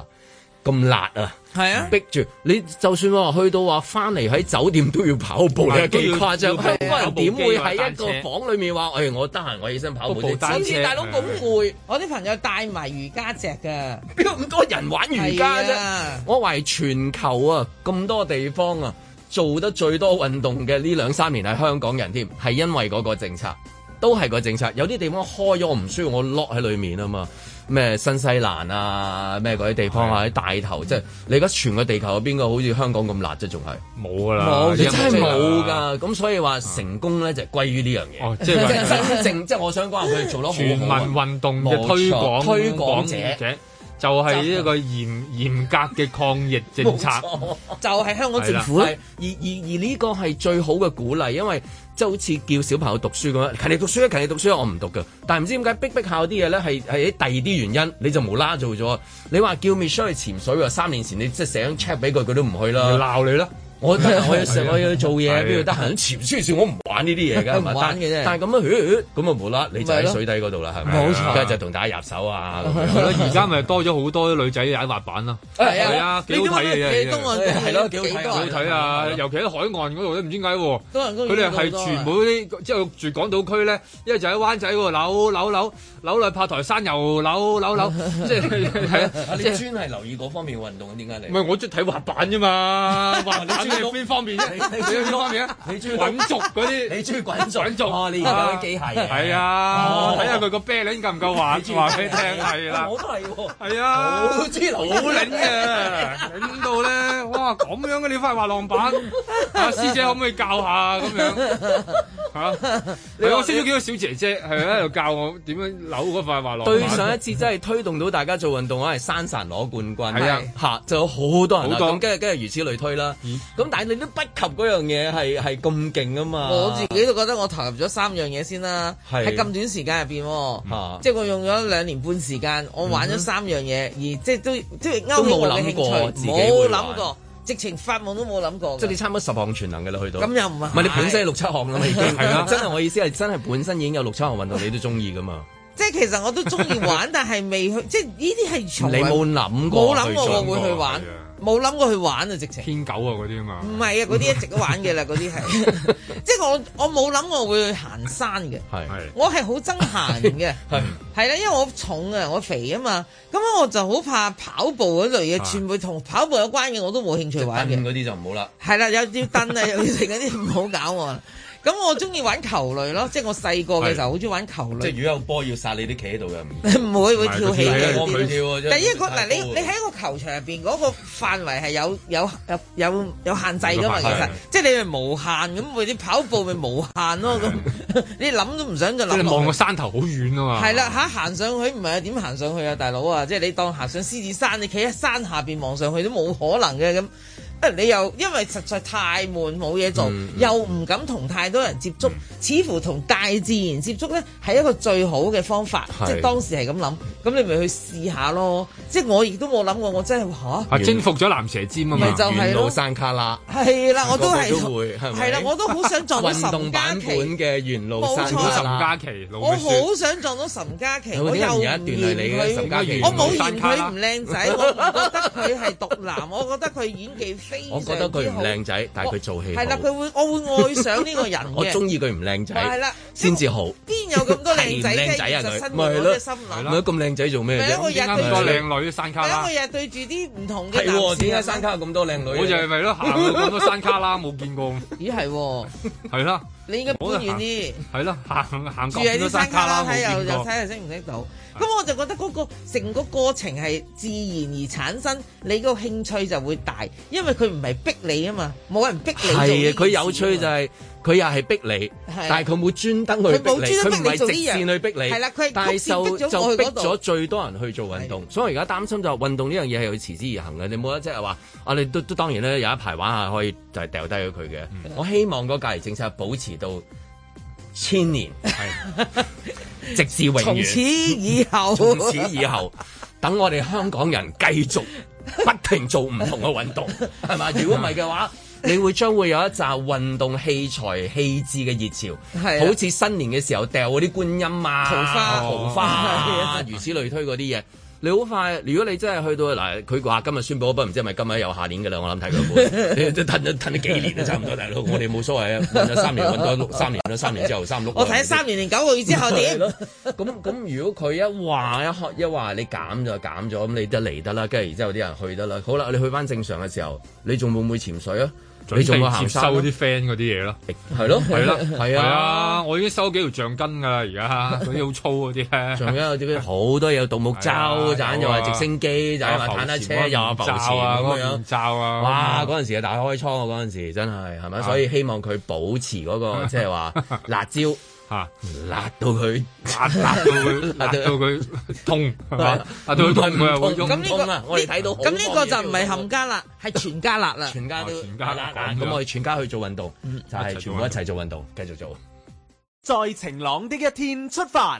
咁辣啊！係啊，逼住你，就算我話去到話翻嚟喺酒店都要跑步，你都、啊、幾誇張？香港人點會喺一個房裏面話？哎，我得閒我起身跑步。好似大佬咁攰，啊、我啲朋友帶埋瑜伽蓆嘅，邊有咁多人玩瑜伽啫？啊、我懷疑全球啊，咁多地方啊，做得最多運動嘅呢兩三年係香港人添，係因為嗰個政策，都係個政策。有啲地方開咗，我唔需要我鎖喺裏面啊嘛。咩新西蘭啊，咩嗰啲地方啊，啲大頭即係你而家全個地球有邊個好似香港咁辣啫？仲係冇㗎啦，你真係冇㗎。咁所以話成功咧就歸於呢樣嘢。即係真正即係我想講，佢做咗全民運動嘅推廣推廣者，就係呢一個嚴嚴格嘅抗疫政策。就係香港政府，而而而呢個係最好嘅鼓勵，因為。就好似叫小朋友讀書咁樣，勤力讀書咧，勤力讀書咧，我唔讀嘅。但係唔知點解逼逼下啲嘢咧，係係喺第二啲原因，你就無啦做咗。你話叫 Michelle 去潛水，三年前你即係寫張 check 俾佢，佢都唔去啦，鬧你咯。我我成日我要做嘢，邊度得閒潛先算。我唔玩呢啲嘢㗎，唔玩嘅啫。但係咁樣，咁啊冇啦，你就喺水底嗰度啦，係咪？冇錯。而家就同大家入手啊。係咯，而家咪多咗好多女仔踩滑板咯。係啊，幾好睇嘅。東岸都係咯，幾多幾好睇啊！尤其喺海岸嗰度都唔知點解喎。幾多人都佢哋係全部啲即係住港島區咧，因為就喺灣仔喎，扭扭扭扭落去拍台山又扭扭扭，即係係啊！你專係留意嗰方面運動，點解你？唔係我中意睇滑板啫嘛，邊方面你中意邊方面啊？你中意滾軸嗰啲？你中意滾軸？滾軸？你而家啲機械嘅。係啊，睇下佢個啤 a l a n c e 夠唔夠滑？話俾聽係啦。我都係喎。係啊。好知，好靈嘅，擰到咧，哇，咁樣嘅你塊滑浪板，阿師姐可唔可以教下啊？咁樣吓？你我識咗幾個小姐姐，係喺度教我點樣扭嗰塊滑浪。對上一次真係推動到大家做運動啊，係山神攞冠軍。係啊，吓就有好多人好咁跟住今日如此類推啦。咁但係你都不及嗰樣嘢係係咁勁啊嘛！我自己都覺得我投入咗三樣嘢先啦，喺咁短時間入邊，即係我用咗兩年半時間，我玩咗三樣嘢，而即係都都勾起我興趣。冇諗過，冇諗過，直情發夢都冇諗過。即係你差唔多十項全能嘅啦，去到。咁又唔係？唔係你本身六七項啦，你已經真係我意思係真係本身已經有六七項運動你都中意噶嘛？即係其實我都中意玩，但係未去，即係呢啲係從你冇諗過，冇諗過我會去玩。冇諗過去玩啊！直情偏狗啊嗰啲啊嘛，唔係啊嗰啲一直都玩嘅啦，嗰啲係， 即係我我冇諗我會去行山嘅，係係是，我係好憎行嘅，係係啦，因為我重啊，我肥啊嘛，咁我就好怕跑步嗰類嘢，的全部同跑步有關嘅我都冇興趣玩嘅，嗰啲就唔好啦，係啦，有啲燈啊又要食嗰啲唔好搞我。咁我中意玩球類咯，即係我細個嘅時候好中意玩球類即。即係如果有波要你殺你啲企喺度嘅唔？唔會會跳起嘅。跳。第一個嗱，你你喺個球場入邊嗰個範圍係有有有有限制㗎嘛？其實，嗯嗯、即係你係無限咁，佢啲跑步咪無限咯咁。 你諗都唔想就諗。即你望個山頭好遠啊嘛。係啦，嚇行上去唔係點行上去啊，大佬啊！即係你當行上獅子山，你企喺山下邊望上去都冇可能嘅咁。你又因為實在太悶冇嘢做，又唔敢同太多人接觸，似乎同大自然接觸咧係一個最好嘅方法。即係當時係咁諗，咁你咪去試下咯。即係我亦都冇諗過，我真係嚇。啊，征服咗蚺蛇尖啊嘛！原路山卡拉，係啦，我都係同。係啦，我都好想撞到岑嘉琪嘅原路冇錯，岑嘉琪。我好想撞到岑嘉琪，我又唔嫌佢，我冇嫌佢唔靚仔，我覺得佢係毒男，我覺得佢演技。我覺得佢唔靚仔，但係佢做戲好。係啦，佢會，我會愛上呢個人。我中意佢唔靚仔，係啦，先至好。邊有咁多靚仔啊？係靚仔啊？咪係咯，咁靚仔做咩？每一個日對個靚 女山卡拉。每一個日對住啲唔同嘅男子。點解山卡拉咁多靚女？我就係咪咯？行咁多山卡啦，冇見過。咦係？係啦。你應該搬遠啲。係啦，行行啲山卡啦。睇又睇下識唔識到。咁我就覺得嗰個成個過程係自然而產生，你個興趣就會大，因為佢唔係逼你啊嘛，冇人逼你做。係，佢有趣就係佢又係逼你，的但係佢冇專登去逼你，佢唔係直線去逼你。係啦，佢係曲線逼咗我去嗰度。但係就就逼咗最多人去做運動，的所以我而家擔心就運、是、動呢樣嘢係要持之以恆嘅，你冇得即係話，我、啊、哋都都當然咧有一排玩下可以就係掉低咗佢嘅。的我希望個教育政策保持到千年。 直至永遠。從此以後，從此以後，等 我哋香港人繼續不停做唔同嘅運動，係嘛？ 如果唔係嘅話， 你會將會有一紮運動器材棄置嘅熱潮，係的好似新年嘅時候掉嗰啲觀音啊、桃花、哦、桃花啊，如此類推嗰啲嘢。你好快！如果你真係去到嗱，佢話今日宣布嗰筆唔知係咪今日又下年嘅啦，我諗睇佢會都等咗等咗幾年都差唔多大佬， 我哋冇所謂啊，揾咗三年，揾咗三年，揾咗三年之後三 我睇三年零九個月之後點？咁咁，如果佢一話一說一話，你減就減咗，咁你得嚟得啦，跟住然之後啲人去得啦。好啦，你去翻正常嘅時候，你仲會唔會潛水啊？你仲要接收啲 friend 嗰啲嘢咯，係咯， 係啦，係啊，我已經收幾條橡筋噶啦，而家嗰啲好粗嗰啲咧，仲 有啲好多嘢，有獨木舟掙又話直升機掙又話坦克車又爆炸咁樣，炸啊！哇！嗰陣時啊大開倉啊，嗰陣時真係係咪？所以希望佢保持嗰、嗰個即係話辣椒。吓，辣到佢，辣辣到佢，辣到佢痛，係嘛，啊，到佢痛佢係會痛。咁呢個，我哋睇到。咁呢個就唔係冚家辣，係全家辣啦。全家都，全家辣。咁我哋全家去做運動，就係全部一齊做運動，繼續做。在晴朗的一天出發。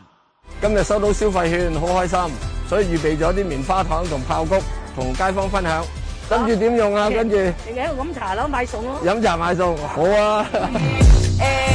今日收到消費券，好開心，所以預備咗啲棉花糖同爆谷同街坊分享。跟住點用啊？跟住。嚟飲茶咯，買餸咯。飲茶買餸，好啊。誒。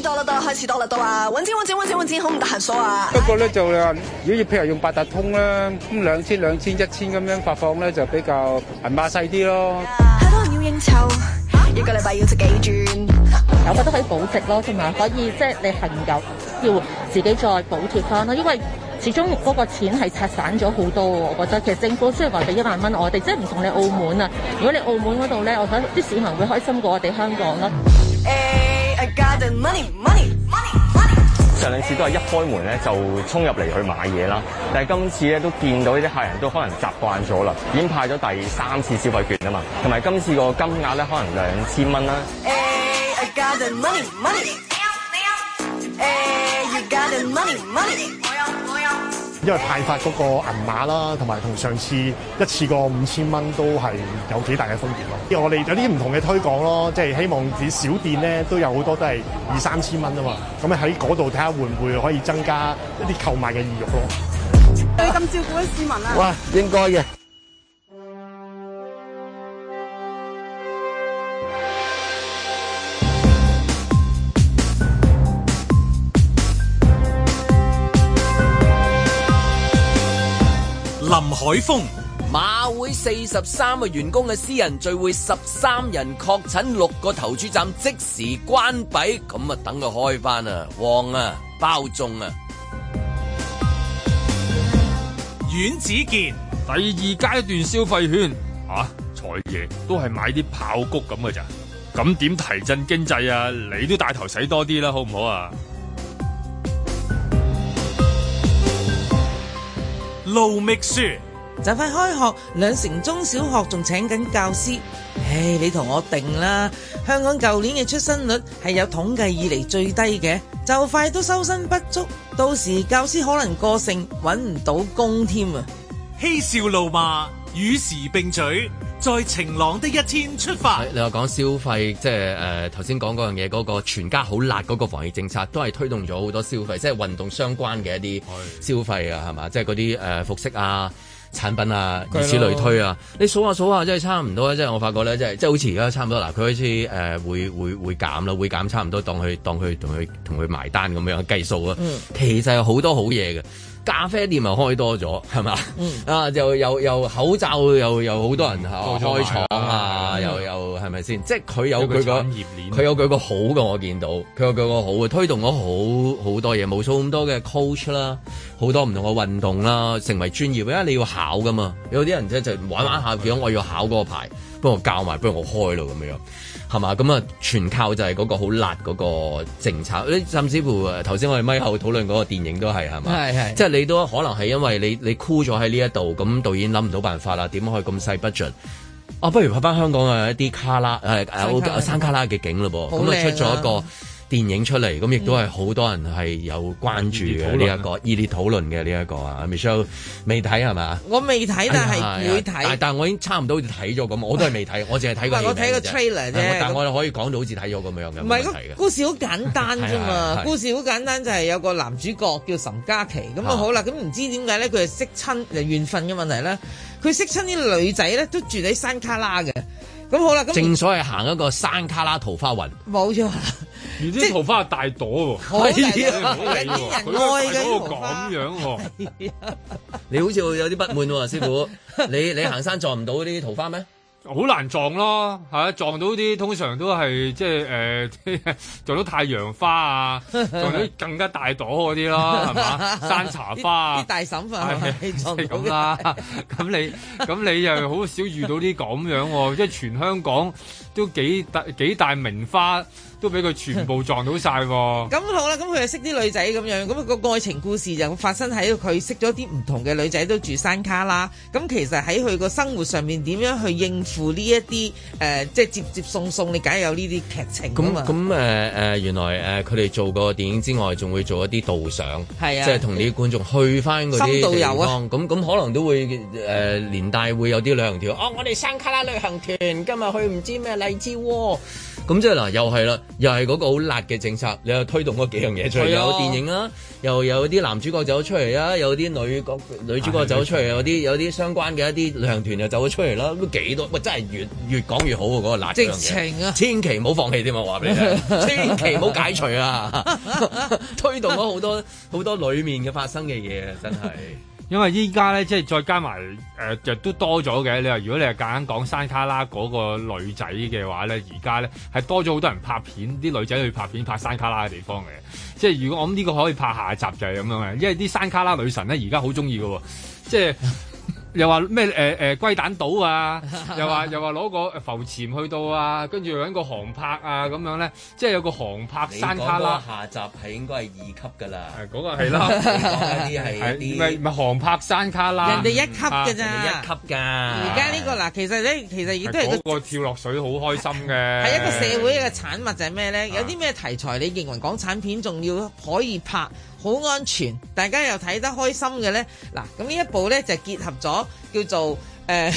多啦多，開始多啦多啦啊！揾錢揾錢揾錢揾錢，好唔得閒數啊！不過咧就，如果要譬如用八達通啦，咁兩千兩千一千咁樣發放咧，就比較銀碼細啲咯。太多人要應酬，啊、一個禮拜要食幾轉，有乜都可以保值咯，同埋可以即係、即係、你係唔夠，要自己再補貼翻咯。因為始終嗰個錢係拆散咗好多，我覺得。其實政府雖然話俾一萬蚊我哋，即係唔同你澳門啊。如果你澳門嗰度咧，我想啲市民會開心過我哋香港咯。誒。 上兩次都係一開門咧就衝入嚟去買嘢啦，但係今次咧都見到啲客人都可能習慣咗啦，已經派咗第三次消費券啊嘛，同埋今次個金額咧可能兩千蚊啦。因為派發嗰個銀碼啦，同埋同上次一次過五千蚊都係有幾大嘅風險咯。因為我哋有啲唔同嘅推廣咯，即係希望啲小店咧都有好多都係二三千蚊啊嘛。咁喺嗰度睇下會唔會可以增加一啲購買嘅意欲咯。你咁照顧啲市民啊？哇，應該嘅。海風馬會四十三個員工嘅私人聚會十三人確診，六個投注站即時關閉。咁啊等佢開翻啊旺啊，包中啊阮子健。第二階段消費券啊，財爺都係買啲爆谷咁嘅咋，咁點提振經濟啊？你都帶頭使多啲啦，好唔好啊盧覓雪。就快開學，兩城中小學仲請緊教師。唉，你同我定啦！香港舊年嘅出生率係有統計以嚟最低嘅，就快都收生不足，到時教師可能過剩揾唔到工添啊！嬉笑怒罵，與時並舉，在晴朗的一天出發。你話講消費，即係誒頭先講嗰樣嘢，嗰、呃嗰個嗰個全家好辣嗰個防疫政策，都係推動咗好多消費，即、就、係、是、運動相關嘅一啲消費啊，係嘛是？即係嗰啲誒服飾啊。產品啊，如此類推啊，的你數下數下，真係差唔多啦。即係我發覺咧，即係即係好似而家差唔多嗱，佢開始誒、呃、會會會減啦，會減差唔多當佢當佢同佢同佢埋單咁樣計數啊。嗯、其實有好多好嘢嘅。咖啡店又開多咗，係嘛？啊，又又又口罩又又好多人開廠啊，又又係咪先？即係佢有佢個佢有佢個,個好嘅，我見到佢有佢個好嘅，推動咗好好多嘢，冇數咁多嘅 coach 啦，好多唔同嘅運動啦，成為專業啊！因為你要考噶嘛？有啲人即係玩玩下，變咗我要考嗰個牌。幫我教埋，不如我開咯咁樣，係嘛？咁啊，全靠就係嗰個好辣嗰個政策，甚至乎誒頭先我哋咪後討論嗰個電影都係係嘛，係係，是是即係你都可能係因為你你箍咗喺呢一度，咁導演諗唔到辦法啦，點可以咁細不盡？啊，不如拍翻香港嘅一啲卡拉係、哎、山卡拉嘅景咯噃，咁、嗯、啊，啊就出咗一個。電影出嚟咁亦都係好多人係有關注嘅呢一個熱烈討論嘅呢一個啊、這個、Michelle 未睇係咪？我未睇，但係會睇，哎。但係我已經差唔多睇咗咁，我都係未睇， 我淨係睇個名啫。我睇個 trailer 啫。 但係我可以講到好似睇咗咁樣嘅。唔係是，故事好簡單啫嘛。 啊啊啊，故事好簡單就係有個男主角叫岑嘉琪咁啊 好啦，咁唔知點解咧佢係識親誒，就是、緣分嘅問題咧？佢識親啲女仔咧都住喺山卡拉嘅。咁好啦，咁正所謂行一個山卡拉桃花運，冇錯。原來 桃花係大朵喎，可以唔好理啲愛嘅桃花。咁樣喎， 你好似會有啲不滿喎，師傅，你你行山撞唔到啲桃花咩？好難撞咯，係啊，撞到啲通常都係即係誒、呃、 撞到太陽花啊， 撞到更加大朵嗰啲咯，係嘛？ 山茶花大省份係咁啦！咁你咁你又好少遇到啲咁樣喎、啊，即係全香港都幾大幾大名花，都俾佢全部撞到晒、啊、喎。咁 好啦，咁佢又識啲女仔咁樣，咁、個愛情故事就發生喺佢識咗啲唔同嘅女仔都住山卡啦。咁其實喺佢個生活上面點樣去應付呢一啲誒、呃，即係接接送送，你梗係有呢啲劇情啊嘛，咁咁誒原來誒佢哋做個電影之外，仲會做一啲導賞，係啊，即係同啲觀眾去翻嗰啲地方。咁咁、啊、可能都會誒、呃、連帶會有啲旅行團。哦，我哋山卡拉旅行團今日去唔知咩荔枝窩。咁即係嗱，又係啦，又係嗰個好辣嘅政策，你又推動嗰幾樣嘢出嚟，啊、又有電影啦，又有啲男主角走咗出嚟啦，有啲女女主角走咗出嚟，有啲有啲相關嘅一啲旅行團又走咗出嚟啦，咁幾多，喂真係越越講越好喎，嗰、嗰個辣嘢，直情啊！千祈唔好放棄添嘛，我話畀你聽，千祈唔好解除啊，哈哈推動咗好多好多裏面嘅發生嘅嘢，真係。因為依家咧，即係再加埋誒，就、呃、都多咗嘅。你話如果你係夾硬講山卡拉嗰個女仔嘅話咧，而家咧係多咗好多人拍片，啲女仔去拍片拍山卡拉嘅地方嘅。即係如果我諗呢個可以拍下一集就係咁樣嘅，因為啲山卡拉女神咧而家好中意㗎喎，即係。 又話咩？誒、呃、誒、呃，龜蛋島啊！ 又話又話攞個浮潛去到啊，跟住揾個航拍啊咁樣咧，即係有個航拍山卡拉。下集係應該係二級㗎啦。係嗰、啊嗰個係啦，嗰啲係啲。唔係唔係航拍山卡拉。人哋一級㗎咋？啊、一級㗎。而家呢個嗱，其實咧，其實亦都係個。個跳落水好開心嘅。係一個社會嘅產物，就係咩咧？有啲咩題材你認為港產片仲要可以拍？好安全，大家又睇得開心嘅呢。嗱咁呢一部呢，就是、結合咗叫做誒、呃、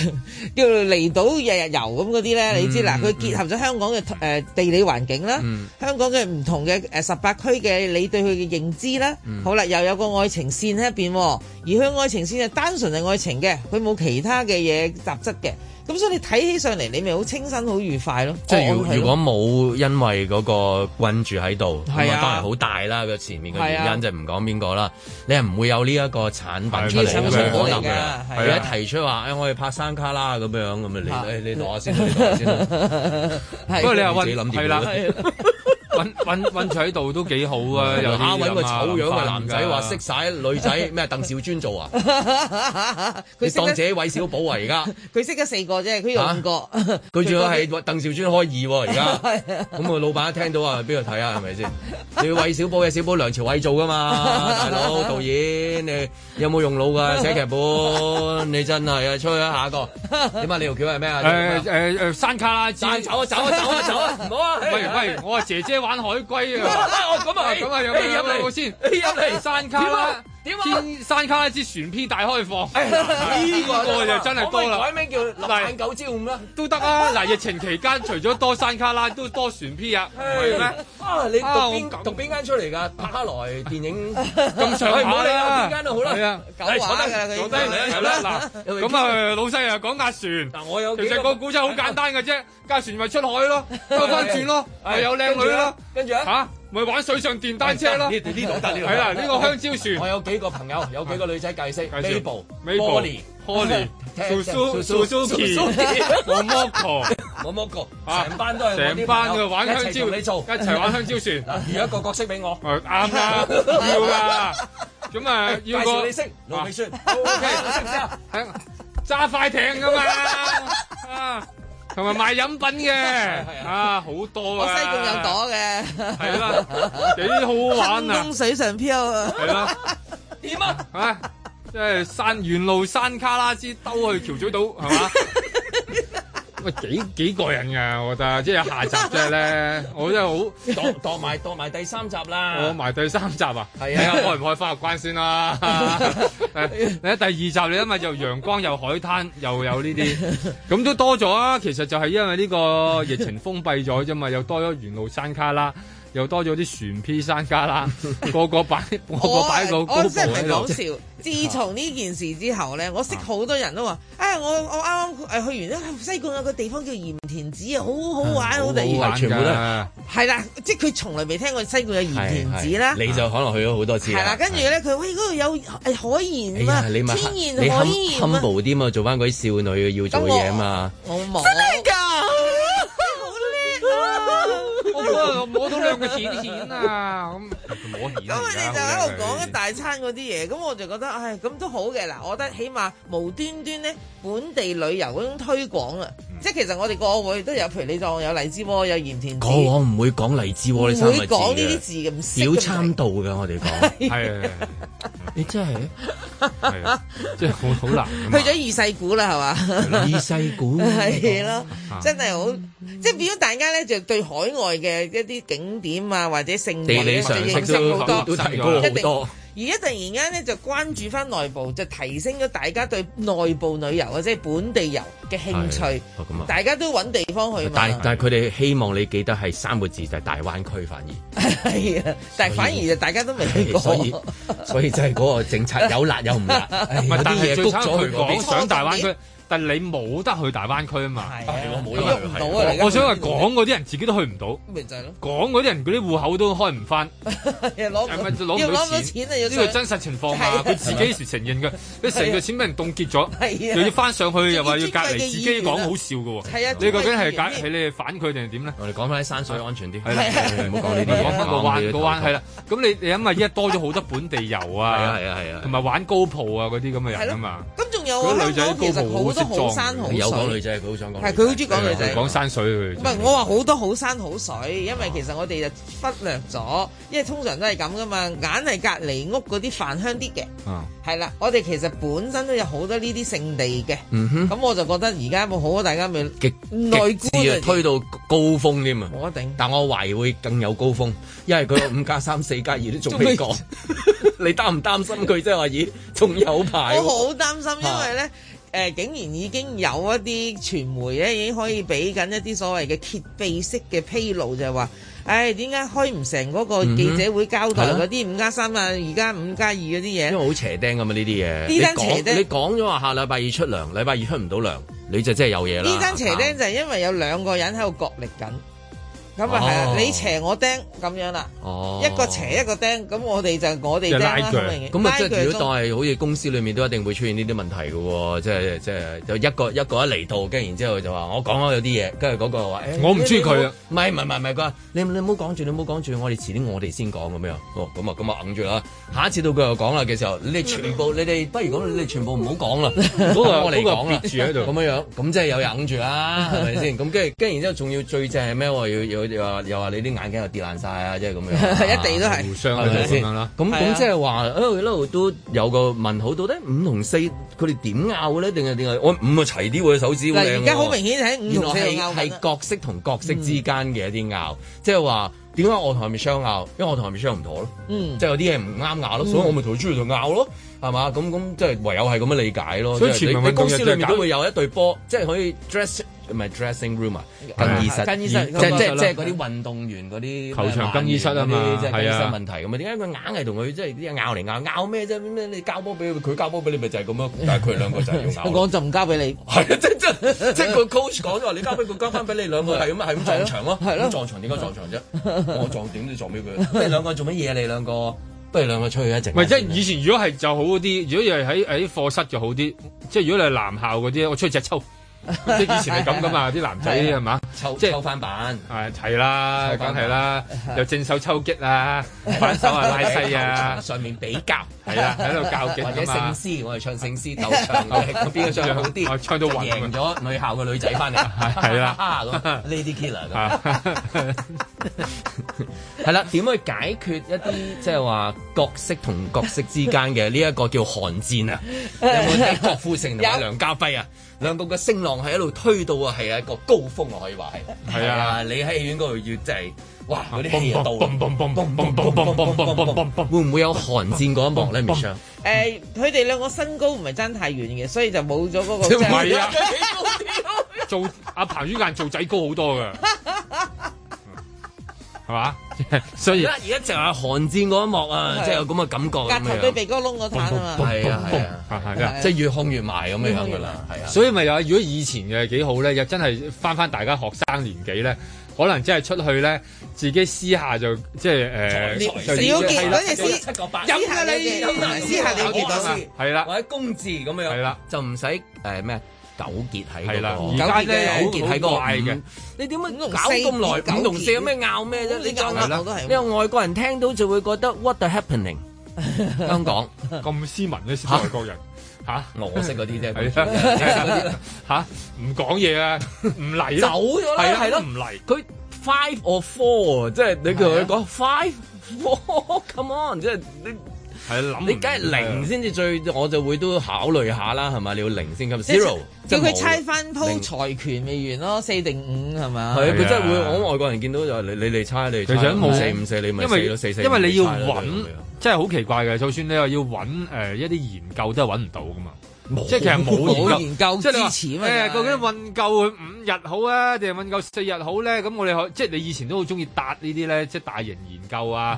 叫做離島日日遊咁嗰啲呢。嗯、你知嗱佢結合咗香港嘅誒、嗯呃、地理環境啦，嗯、香港嘅唔同嘅誒十八區嘅你對佢嘅認知啦，嗯、好啦，又有個愛情線喺入邊，而佢愛情線係單純係愛情嘅，佢冇其他嘅嘢雜質嘅。咁所以你睇起上嚟，你咪好清新，好愉快咯。即係如如果冇因為嗰個困住喺度，咁啊當然好大啦。個前面嘅原因就唔講邊個啦，你係唔會有呢一個產品出嚟嘅。冇可能嘅。你一提出話，誒我哋拍山卡啦咁樣咁啊，你你攞下先，不過 你又諗係啦。 揾揾揾住喺度都幾好啊！又下揾個醜樣嘅男仔，話識曬女仔咩？鄧兆尊做啊！你當自己韋小寶啊！而家佢識得四個啫，佢五個，佢仲要係鄧兆尊開二喎，而家咁啊！我老闆一聽到啊，邊度睇啊？係咪先？你韋小寶嘅小寶、梁朝偉做㗎嘛？大佬，導演，你有冇用腦㗎寫劇本？你真係啊！出去一下個，點解你條橋係咩啊？誒誒誒，山卡拉走啊走啊走啊走啊！唔好啊！喂喂，我係姐姐。玩海龜 來 啊！咁啊咁啊，有咩入嚟先？入嚟山卡啦。點啊！山卡拉之船 P 大開放，呢個就真係多啦。改名叫六九招五啦，都得啊！嗱，疫情期間除咗多山卡拉，都多船 P 啊。啊，你同邊同邊間出嚟噶？拍來電影咁上下啦，邊間都好啦。係啊，九畫嘅老細嚟嗱，咁啊，老細又講架船。嗱，我有其實個古仔好簡單嘅啫，架船咪出海咯，兜翻轉咯，咪有靚女咯，跟住咧咪玩水上電單車咯，係啦，呢個香蕉船。我有幾個朋友，有幾個女仔解釋計船。Mabel，Molly，Polly，Suzuki，Moco，Moco，成班都係。成班嘅玩香蕉，你做一齊玩香蕉船。而一個角色俾我，啱噶，要噶。咁啊，要個你升羅密船，OK，識唔識揸快艇噶嘛？同埋賣飲品嘅， 啊，啊好多嘅、啊，我西貢有朵嘅，係 啦、啊，幾好玩啊！風水上漂，係啊，點啊， 啊？啊，即、就、係、是、山原路山卡拉之兜去橋咀島，係嘛？ 喂，幾幾過癮噶，我覺得，即係下集啫咧， 我真係好度度埋度埋第三集啦，我埋 第三集啊，係啊，開唔開返個關先啦，你第二集你因為又陽光又海灘又有呢啲，咁都多咗啊，其實就係因為呢個疫情封閉咗啫嘛，又多咗沿路山卡啦。又多咗啲船 P 山加啦，個個擺個個擺個高膊喺度真係唔講笑。自從呢件事之後咧，我識好多人都話：，啊，我我啱啱誒去完西貢有個地方叫鹽田梓啊，好好玩，好得意。全部都，係啦，即係佢從來未聽過西貢有鹽田梓啦。你就可能去咗好多次。係啦，跟住咧佢喂，嗰度有海鹽啊，天然海鹽啊，冇啲嘛，做翻嗰啲少女要做嘢啊嘛。好忙。」「真係㗎。我攞，我攞到兩個錢錢啊！咁，咁我哋就喺度講一大餐嗰啲嘢，咁 我就覺得，唉，咁都好嘅啦，我覺得起碼無端端咧，本地旅遊嗰種推廣啊。即係其實我哋個個會都有，譬如你當有荔枝窩，有鹽田。過往唔會講荔枝窩，你三個字唔會講呢啲字咁少。唔識。表參道嘅，我哋講。係啊！你真係，即係好好難。去咗二世古啦，係嘛？ 二世古係咯，真係好，即係變咗大家咧就對海外嘅一啲景點啊或者勝地地理就認識都提高好多。而家突然間咧就關注翻內部，就提升咗大家對內部旅遊或者本地遊嘅興趣。啊啊、大家都揾地方去但。但係但係佢哋希望你記得係三個字就係、是、大灣區，反而係 啊！但係反而大家都未去過、啊、所以所以就係嗰個政策 有辣有唔辣。唔係、 哎，不但係最差佢講大灣區。但係你冇得去大灣區啊嘛，入唔到啊！我想話講嗰啲人自己都去唔到，講嗰啲人嗰啲戶口都開唔翻，係咪攞唔到錢？呢個真實情況下，佢自己承認嘅，你成個錢俾人凍結咗，又要翻上去，又話要隔離，自己講好笑嘅喎！你究竟係解係你反佢定係點咧？我哋講翻啲山水安全啲，係啦，唔講呢啲，講翻個灣個灣係啦。咁你你諗啊，依家多咗好多本地遊啊，同埋玩高普啊嗰啲咁嘅人啊嘛。咁仲有女仔高普好山好水，講女仔，佢好想講。係佢好中意講女仔，講山水唔係，我話好多好山好水，因為其實我哋就忽略咗，因為通常都係咁噶嘛，硬係隔籬屋嗰啲飯香啲嘅。啊，係啦，我哋其實本身都有好多呢啲勝地嘅。嗯咁哼我就覺得而家冇好啊，大家咪極極推推到高峰添啊！我一定。但我懷疑會更有高峰，因為佢五加三、四加二都仲未講，你擔唔擔心佢即係話咦，仲有排啊？ 我好擔心，因為咧。誒、呃、竟然已經有一啲傳媒咧，已經可以俾緊一啲所謂嘅揭秘式嘅披露，就係、是、話，誒點解，開唔成嗰個記者會交代嗰啲五加三啊，而家五加二嗰啲嘢？因為好邪釘㗎嘛呢啲嘢。呢單邪釘，你講咗話下禮拜二出糧，禮拜二出唔到糧，你就真係有嘢啦。呢單邪釘就係因為有兩個人喺度角力緊。咁啊係啊，你斜我釘咁樣啦，啊、一個斜一個釘，咁我哋就我哋釘啦。咁啊即係如果當係好似公司裏面都一定會出現呢啲問題嘅、哦，即係即係就一個一個一嚟到，跟住然之後就話我講咗有啲嘢，跟住嗰個話、哎，我唔中意佢啊。唔係唔係唔係你你唔好講住，你唔好講住，我哋遲啲我哋先講咁樣。哦，咁啊咁啊揞住啦。下一次到佢又講啦嘅時候，你全部你哋不如咁，你哋全部唔好講啦。嗰、 嗰個我嚟講啊，咁樣樣，咁即係又揞住啦，係咪先？咁跟住跟住然之後，仲要最正係咩？要要。佢哋話又話你啲眼鏡又跌爛晒啊！即係咁樣，一定都係互相咁樣啦。咁咁即係話，一路都有個問號，到底五同四佢哋點拗咧？定係點啊？我五啊齊啲喎，手指嗱，而家好明顯喺五同四係角色同角色之間嘅一啲拗，即係話點解我同佢咪相拗？因為我同佢咪相唔妥咯。即係有啲嘢唔啱拗咯，所以我咪同佢出嚟度拗咯，係嘛？咁咁即係唯有係咁樣理解咯。所以你你公司入面都會有一對波，即係可以 dress。唔係 dressing room 啊，更衣室，更衣室，即即即嗰啲運動員嗰啲球場更衣室啊嘛，即係更衣室問題咁啊？點解佢硬係同佢即係拗嚟拗拗咩啫？咩你交波俾佢，佢交波俾你，咪就係咁咯？但係佢兩個就係要拗，我講就唔交俾你，即即即個 coach 講話你交俾佢，交翻俾你兩個，係咁啊，係咁撞牆咯，咁撞牆點解撞牆啫？我撞點都撞俾佢，你兩個做乜嘢？你兩個不如兩個出去一陣，唔係即係以前如果係就好啲，如果又係喺喺課室就好啲，即係如果你係男校嗰啲，我出去隻抽。即係以前係咁噶嘛，啲男仔係嘛，抽即係抽翻版，係係啦，梗係啦，又正手抽擊啊，反手啊拉西啊，上面比較係啊，喺度較勁啊。或者聖詩，我哋唱聖詩鬥唱嘅，邊個唱好啲？唱到贏咗女校嘅女仔翻嚟，係啦，Lady Killer 係啦，點去解決一啲即係話角色同角色之間嘅呢一個叫寒戰啊？有冇睇郭富城同阿梁家輝啊？兩個嘅聲浪係一路推到啊，係一個高峰啊，可以話係。係啊，你喺戲院嗰度要即係，哇嗰啲戲又到嚟。會唔會有寒戰嗰一幕咧？唔上，誒，佢哋兩個身高唔係爭太遠嘅，所以就冇咗嗰個。啊！做阿彭于晏做仔高好多㗎。係嘛，所以而家而家係寒戰嗰一幕啊，即係有咁嘅感覺隔離對鼻哥窿嗰 part 啊嘛，係啊係啊，即係越控越埋咁樣樣噶啦，係啊。所以咪有，如果以前嘅幾好咧，又真係翻翻大家學生年紀咧，可能真係出去咧，自己私下就即係誒少見女，啲私私下你見到先，係啦，或者公字咁樣樣，係啦，就唔使誒咩？糾結喺個，而家咧糾結喺個壞嘅。你點解搞咁耐？五同四有咩拗咩啫？你個外國人聽到就會覺得 what happening？香港咁斯文嘅外國人，嚇羅式嗰啲啫，嚇唔講嘢啊，唔嚟啦，走咗啦，係咯，唔嚟。佢 five or four，即係你同佢講 five four，come on，即係。係諗，你梗係零先至最，我就會都考慮下啦，係嘛？你要零先咁，zero 叫佢猜翻鋪財權未完咯，四定五係嘛？係啊，佢真係會，我外國人見到就你你你猜你，想想冇四五四你咪，因為因為你要揾，即係好奇怪嘅。就算你話要揾誒一啲研究，都係揾唔到噶嘛，即係其實冇研究即支持前。究竟運夠五日好啊，定係運夠四日好咧？咁我哋可即係你以前都好中意搭呢啲咧，即係大型研究啊。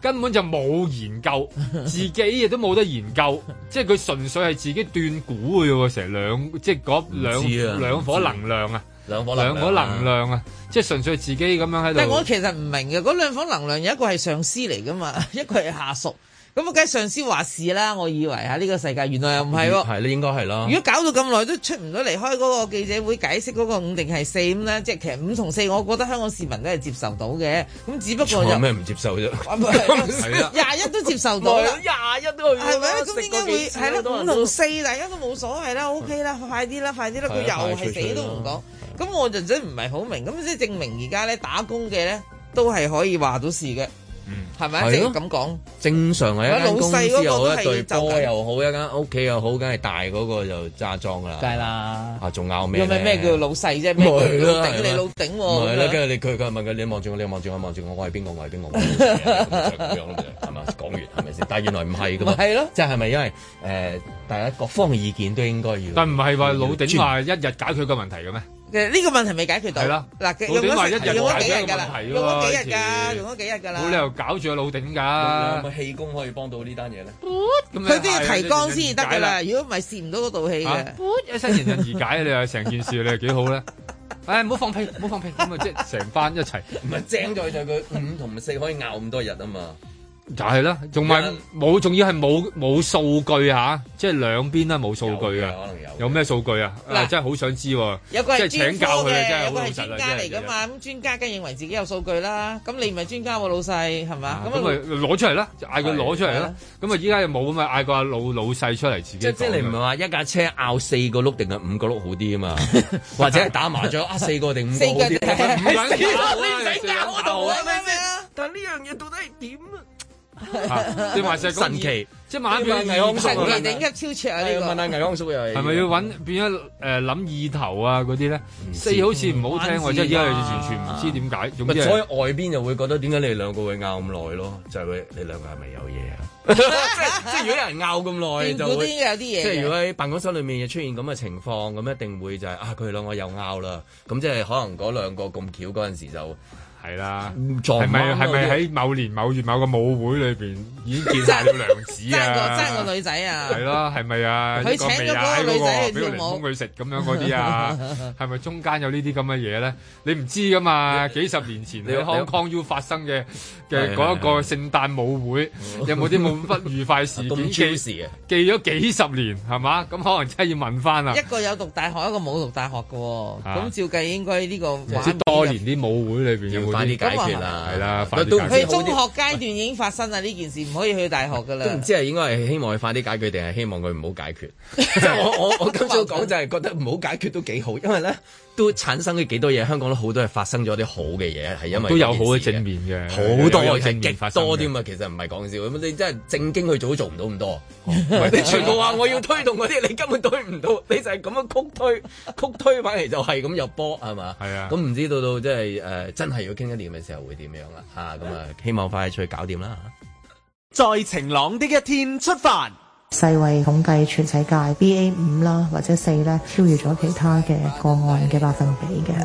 根本就冇研究，自己亦都冇得研究， 即係佢純粹係自己斷估嘅啫喎，成兩即係嗰兩兩,兩火能量啊，兩夥能量啊，即係純粹自己咁樣喺度。但我其實唔明嘅，嗰、那個、兩夥能量有一個係上司嚟噶嘛，一個係下屬。咁我梗係上司話事啦，我以為嚇呢個世界原來又唔係喎，係咧應該係啦。如果搞到咁耐都出唔到離開嗰個記者會解釋嗰個五定係四咁咧，即係其實五同四，我覺得香港市民都係接受到嘅。咁只不過有咩唔接受啫？廿一是 的都接受到，廿一 都係咪？咁應該會係啦。五同四大家都冇所謂啦，嗯，OK 啦，快啲啦，快啲啦。佢的又係死、啊、都唔講。咁我就真唔係好明。咁即係證明而家咧打工嘅咧都係可以話到事嘅。係咪一直咁講？正常係一間公司攞一對波又好，一間屋企又好，梗係大嗰個就揸裝噶啦。梗係啦，啊仲拗咩？咩咩叫老細啫？老頂你老頂喎。唔係啦，跟住你佢佢問佢，你望住我，你望住我，望住我，我係邊個？我係邊個？係嘛？講完係咪先？但係原來唔係噶嘛。咪係咯？即係咪因為誒，大家各方嘅意見都應該要。但唔係話老頂話一日解決個問題嘅咩？呢個問題未解決到，嗱，用咗一日，用咗幾日噶啦，用咗幾日噶，用咗幾日噶啦，冇理由搞住個老頂噶，咁啊氣功可以幫到呢單嘢咧，佢都要提肛先至得噶啦，如果唔係試唔到嗰道氣嘅，一身迎刃而解，你話成件事你話幾好咧？哎，唔好放屁，唔好放屁，咁啊即係成班一齊，唔係精在在佢五同四可以拗咁多日啊嘛。就係啦，仲問冇，仲要係冇冇數據啊，即係兩邊咧冇數據啊。有。有咩數據啊？真係好想知，有即係請教佢啊，真係有神啊！即專家嚟噶嘛？咁專家梗係認為自己有數據啦。咁你唔係專家喎，老細係嘛？咁攞出嚟啦，嗌佢攞出嚟啦。咁啊，依家又冇咁啊，嗌個阿老老細出嚟自己。即即係你唔係話一架車拗四個轆定係五個轆好啲啊嘛？或者係打麻將啊，四個定五個好啲？五個好啲。唔想拗啊！唔想啊！但係呢樣嘢到底係點？即係話神奇，即係晚邊係倪匡叔嘅，你要問下倪匡叔又係，係咪要揾變咗誒諗意頭啊嗰啲咧？四好似唔好聽，我真係依家完全唔知點解。所以外邊就會覺得點解你哋兩個會拗咁耐咯？就係你兩個係咪有嘢啊！即係即係如果有人拗咁耐，就好似有啲嘢，即係如果喺辦公室裏面出現咁嘅情況，咁一定會就係啊佢哋兩個又拗啦，咁即係可能嗰兩個咁巧嗰陣時就。係啦，係咪係咪喺某年某月某個舞會裏邊已經見下了娘子啊？爭個爭個女仔啊！係咯，係咪啊？佢請咗個女仔俾嚟捧佢食咁樣嗰啲啊？係咪中間有呢啲咁嘅嘢咧？你唔知噶嘛？幾十年前康康要發生嘅嘅嗰一個聖誕舞會，有冇啲冇不愉快事件記事嘅？記咗幾十年係嘛？咁可能真係要問翻啦。一個有讀大學，一個冇讀大學嘅喎，咁照計應該呢個唔知多年啲舞會裏邊。嗯、快啲解決啦，係啦、嗯，都佢中學階段已經發生啦呢喂件事，唔可以去大學噶啦。都唔知係應該係希望佢快啲解決，定係希望佢唔 好解決。我我我今朝講就係覺得唔好解決都幾好，因為咧。都產生咗幾多嘢？香港都好多係發生咗啲好嘅嘢，係也因為都有好嘅正面嘅，好多係極多啲嘛。其實唔係講笑，你真係正經去做都做唔到咁多。 你全部話我要推動嗰啲，你根本推唔到。你就係咁樣曲推曲推，反嚟就係咁入波係嘛？係啊。咁唔知道到即係誒，真係要傾一年嘅時候會點樣啦？啊咁啊，希望快啲出去搞掂啦！ 在晴朗一的一天出發。世衛統，統計全世界 BA 五啦，或者四咧，超越咗其他嘅個案嘅百分比嘅。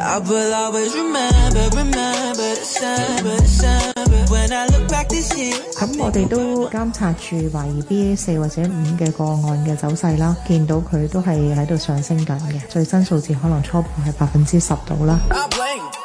咁我哋都監察住懷疑 BA 四或者五嘅個案嘅走勢啦，見到佢都係喺度上升緊嘅。最新數字可能初步係百分之十度啦。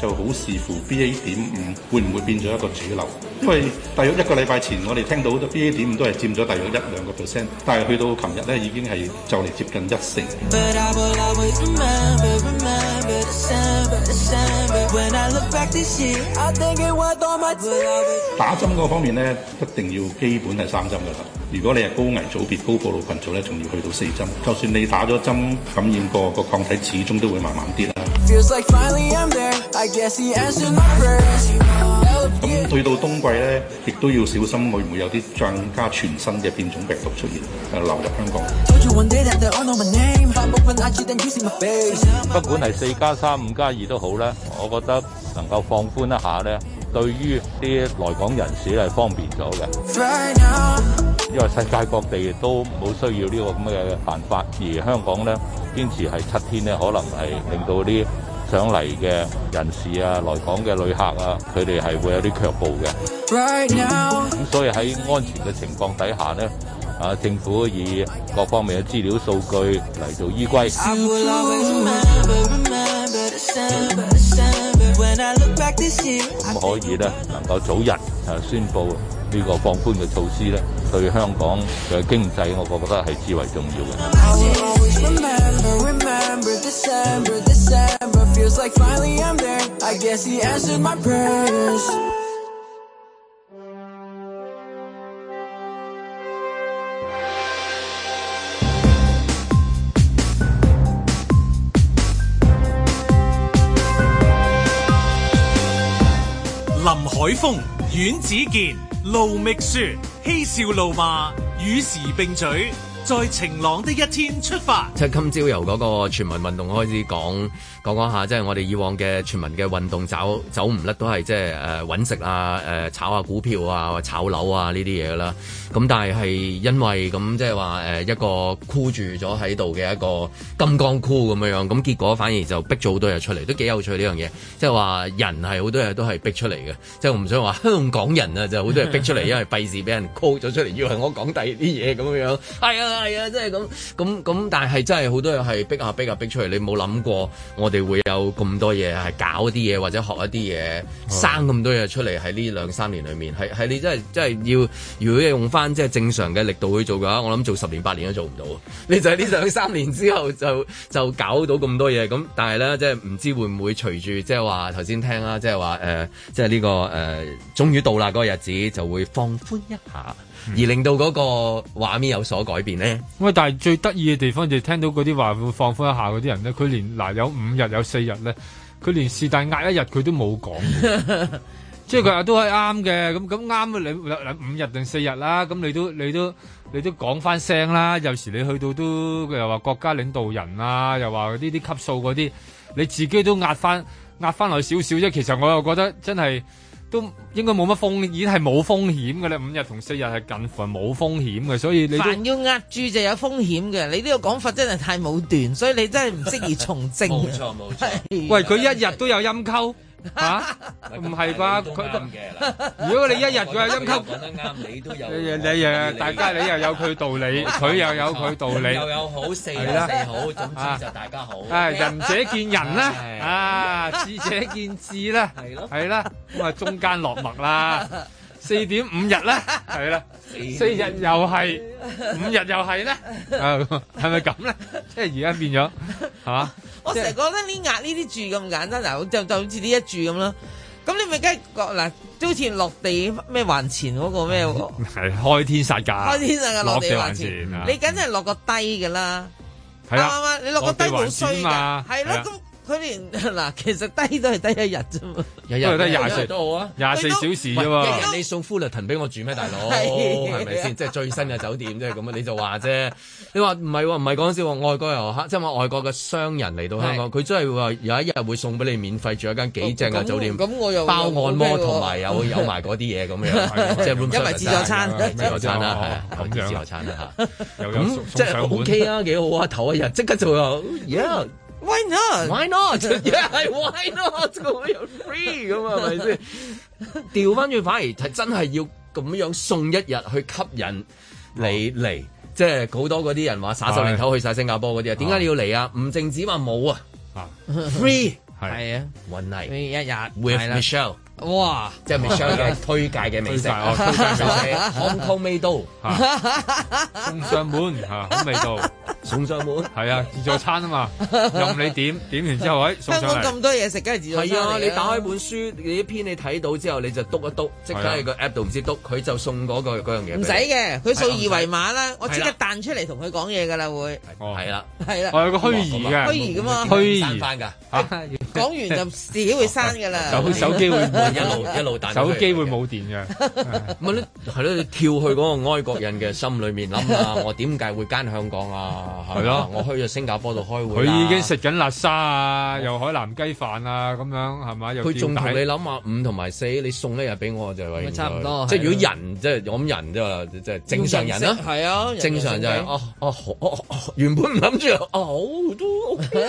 就好視乎 B A 點五會唔會變咗一個主流，因為大約一個禮拜前我哋聽到好多 B A 點五都係佔咗大約一兩個 percent，但係去到琴日咧已經係就嚟接近一成。打針嗰方面咧，一定要基本係三針㗎啦。如果你係高危組別，高組、高暴露群組咧，仲要去到四針。就算你打咗針，感染過個抗體，始終都會慢慢跌啦。咁去、like 嗯、到冬季咧，亦都要小心會唔會有啲更加全新嘅變種病毒出現，流入香港。 不管係四加三、五加二都好啦，我覺得能夠放寬一下咧，對於啲來港人士係方便咗嘅。Right 因為世界各地都冇需要呢個咁嘅辦法，而香港咧堅持係七天咧，可能係令到啲上嚟嘅人士啊、來港嘅旅客啊，佢哋係會有啲卻步嘅。咁 Right now，嗯、所以喺安全嘅情況底下咧，啊政府以各方面嘅資料數據嚟做依歸，咁可以咧能夠早日啊宣佈。呢個放寬嘅措施咧，對香港嘅經濟，我覺得係至為重要嘅。林海峰、阮子健。盧覓雪，嬉笑怒罵，與時並舉。在晴朗的一天出發，即係今朝由嗰個全民運動開始講講講下，即係我哋以往嘅全民嘅運動走走唔甩，都係即係誒搵食啊誒、呃、炒下股票啊，炒樓啊呢啲嘢啦。咁但係係因為咁即係話誒一個箍住咗喺度嘅一個金剛箍咁樣樣，咁結果反而就逼咗好多嘢出嚟，都幾有趣呢樣嘢。即係話人係好多嘢都係逼出嚟嘅，即係我唔想話香港人啊，就好多嘢逼出嚟， 因為費事俾人箍咗出嚟，以為我講第二啲嘢咁樣樣。係啊。係啊，即係咁咁咁，但係真係好多嘢係逼下、啊、逼下、啊逼、啊、逼出嚟。你冇諗過，我哋會有咁多嘢係搞啲嘢，或者學一啲嘢，生咁多嘢出嚟喺呢兩三年裏面，係係你真係真係要，如果用返即係正常嘅力度去做嘅話，我諗做十年八年都做唔到。你就喺呢兩三年之後就就搞到咁多嘢。咁但係咧，即係唔知會唔會隨住即係話頭先聽啦，即係話誒，即係呢、這個誒，呃、終於到啦嗰個日子，就會放寬一下。而令到嗰個畫面有所改變咧，喂、嗯！但係最得意嘅地方就係聽到嗰啲話會放寬一下嗰啲人咧，佢連嗱、呃、有五日有四日咧，佢連 是但壓一日佢都冇講，即係佢話都係啱嘅。咁咁啱你五日定四日啦？咁你都你都你都講翻聲啦！有時你去到都佢又話國家領導人啊，又話呢啲級數嗰啲，你自己都壓翻壓翻落少少啫。其實我又覺得真係。都應該冇乜風險，已經係冇風險嘅咧。五日同四日係近乎係冇風險嘅，所以你凡要壓住就有風險嘅。你呢個講法真係太武斷，所以你真係唔適宜從政。冇錯冇錯，錯 喂，佢一日都有陰溝。吓，唔係啩？如果你一日佢係陰溝，講得啱，你都有；你誒，大家你又有佢道理，佢又有佢道理，又有好四啦，四好，總之就大家好。係仁者見仁啦，啊，智者見智啦，係咯，係啦，咁啊，中間落墨啦。四點五日啦，係啦，四日又係，五日又係咧，係咪咁咧？即係而家變咗，係嘛？ 我成日覺得呢壓呢啲住咁簡單，嗱，就就好似呢一住咁啦。咁你咪梗係嗱，好似落地咩還錢嗰、嗰個咩？係、嗰個、開天殺價，開天殺價，落地還錢。還錢你梗係落個低㗎啦，係啦的，的你落個低好衰㗎，係咯。佢連嗱，其實低都係低一日啫嘛，一日都廿四都好啊，廿四小時啫嘛。日日你送富勒騰俾我住咩，大佬？係咪先？即係最新嘅酒店，即係咁你就話啫，你話唔係喎，唔係講笑喎，外國遊客，即係話外國嘅商人嚟到香港，佢真係話有一日會送俾你免費住一間幾正嘅酒店，咁我又包按摩同埋有有埋嗰啲嘢咁樣，即係因為自助餐，自助餐啦，係自助餐啦嚇。咁即係 OK 啊，幾好啊，頭一日即刻就 Why not? Why not? 又係 Why not？咁樣又 free 咁啊，係咪先？調翻轉反而係真係要咁樣送一日去吸引你嚟，即係好多嗰啲人話耍十零頭去曬新加坡嗰啲啊，點解你要嚟啊？唔淨止話冇啊，free 係啊，one night，一日 with Michelle。哇！即係美食嘅推介嘅美食，香港味道送上門，好味道送上門，係啊，自助餐啊嘛，任你點點完之後，喂，香港咁多嘢食，梗係自助。係啊，你打開本書，你一篇你睇到之後，你就篤一篤，即刻喺個 app 度唔知篤，佢就送嗰個樣嘢。唔使嘅，佢掃二維碼啦，我即刻彈出嚟同佢講嘢噶啦，會。哦，係啦，係啦，我有個虛擬嘅，虛擬噶嘛，虛擬嘅，講完就自己會刪噶啦，就手機會。一路一路手機會冇電嘅。咁啊，係咯，你跳去嗰個外國人嘅心裏面諗下，我點解會揀香港啊？係咯，我去咗新加坡度開會，佢已經食緊辣沙啊，又海南雞飯啊咁樣係咪？佢仲同你諗下五同埋四，你送一日俾我就係差唔多。即係如果人即係我咁人啫，即係正常人啦，係啊，正常就係哦哦原本唔諗住哦都 OK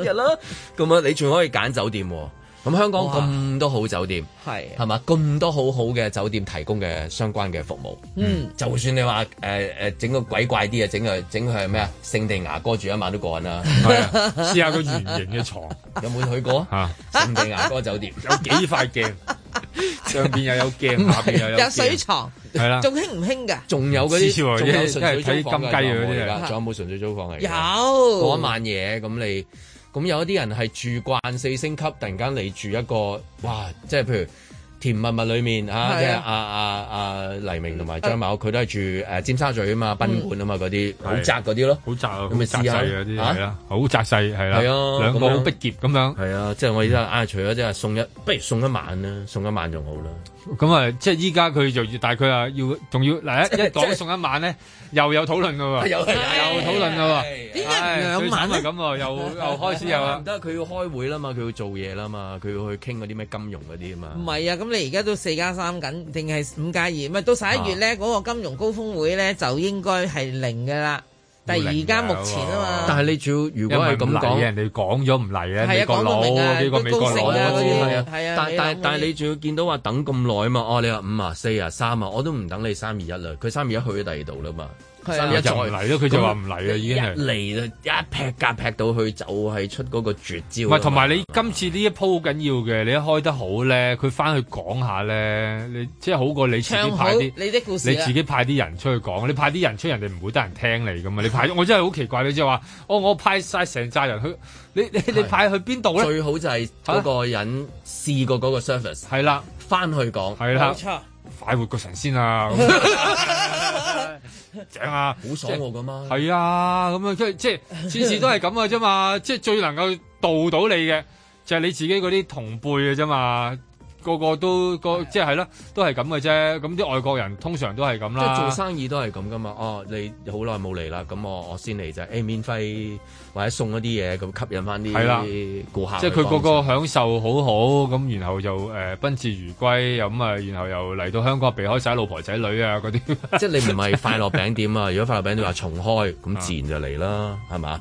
一日啦。咁啊，你仲可以揀酒店。咁香港咁多好酒店，係哇，係嘛，咁多好好嘅酒店提供嘅相關嘅服務，嗯，就算你話誒誒整個鬼怪啲啊，整個整個係咩啊？聖地牙哥住一晚都過癮啦，係啊，試下個圓形嘅床，有冇去過啊？聖地牙哥酒店有幾塊鏡，上邊又有鏡，下邊又有有鏡，有水床，係啦、啊，仲興唔興噶？仲 有嗰啲，仲有純粹睇金雞嘅，仲有冇純粹租房嚟？有，過一晚夜，咁你。咁有一啲人係住慣四星級，突然間嚟住一個，哇！即係譬如甜蜜蜜裏面啊，即係阿阿阿黎明同埋張茂，佢都係住誒尖沙咀啊嘛，賓館啊嘛嗰啲，好窄嗰啲咯，好窄咁咪窄細嗰啲係啊，好窄細係啦，係啊，兩個好逼夾咁樣，係啊，即係我而家啊，除咗即係送一，不如送一晚啦，送一晚仲好啦。咁啊，即係依家佢就，要係佢啊要，仲要嗱一一講送一晚咧，又有討論嘅又討論嘅喎。唉，兩晚咪咁咯，又又開始又啊，唔得，佢要開會啦嘛，佢要做嘢啦嘛，佢要去傾嗰啲咩金融嗰啲啊嘛。唔係啊，咁你而家都四加三緊，定係五加二？唔係到十一月咧，嗰個金融高峯會咧，就應該係零嘅啦。但係而家目前啊嘛。但係你仲要，如果係咁講，人哋講咗唔嚟咧，你講攞幾個美國攞嗰啲係啊？係啊。但係但係你仲要見到話等咁耐啊嘛？哦，你話五啊四啊三啊，我都唔等你三二一啦。佢三二一去咗第二度啦嘛。一再嚟咯，佢就話唔嚟啦，已經係嚟啦，一劈價劈到去就係出嗰個絕招。唔係，同埋你今次呢一鋪好緊要嘅，你一開得好咧，佢翻去講下咧，你即係好過你自己派啲你啲故事，你自己派啲人出去講，你派啲人出人哋唔會得人聽你㗎嘛？你派我真係好奇怪，你即係話哦，我派晒成扎人去，你你你派去邊度咧？最好就係嗰個人試過嗰個 surface。係啦，翻去講係啦，快活過神仙啊！正啊，好 爽我噶嘛，係啊，咁正 啊，樣即係即係，次次都係咁啊啫嘛， 即係最能夠導到你嘅就係、是、你自己嗰啲同輩嘅啫嘛。個個都個即係啦，都係咁嘅啫。咁啲外國人通常都係咁啦。即係做生意都係咁噶嘛。哦，你好耐冇嚟啦，咁我我先嚟就。誒、欸，免費或者送一啲嘢咁吸引翻啲顧客的。即係佢個個享受好好咁、嗯呃嗯，然後又誒，賓至如歸，又咁啊，然後又嚟到香港避開晒老婆仔女啊嗰啲。即係你唔係快樂餅店啊？ 如果快樂餅店話重開，咁自然就嚟啦，係嘛、啊？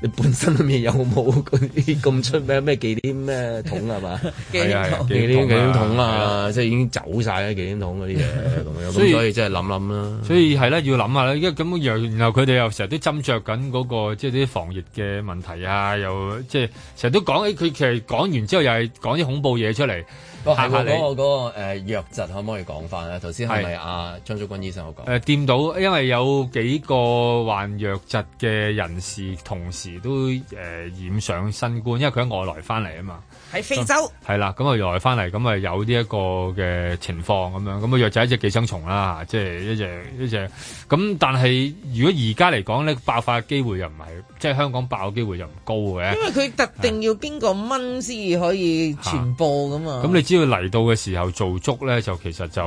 你本身都未有冇啲咁出名咩？忌廉咩桶係嘛？忌廉桶、， 啊啊、桶啊！桶啊啊即係已經走晒啦，忌廉桶嗰啲嘢咁樣、嗯所，所以即係諗諗啦。所以係啦，要諗下啦，因為咁樣，然後佢哋又成日都斟著緊嗰個即係啲防疫嘅問題啊，又即係成日都講起佢，其實講完之後又係講啲恐怖嘢出嚟嚇嚇你。嗰、那個嗰、那個、呃、藥疾可唔可以講翻的的啊？頭先係咪阿張竹君醫生我講？掂到，因為有幾個患藥疾嘅人士同時。都誒染上新冠，因為佢喺外來翻嚟啊嘛，喺非洲係啦，咁外、啊、來翻嚟咁咪有呢一個嘅情況咁樣，咁啊瘧就係一隻寄生蟲啦，即係一隻一隻，咁但係如果而家嚟講咧，爆發嘅機會又唔係，即係香港爆嘅機會又唔高嘅，因為佢特定要邊個蚊先可以傳播咁嘛。咁、 啊、你只要嚟到嘅時候做足咧，就其實就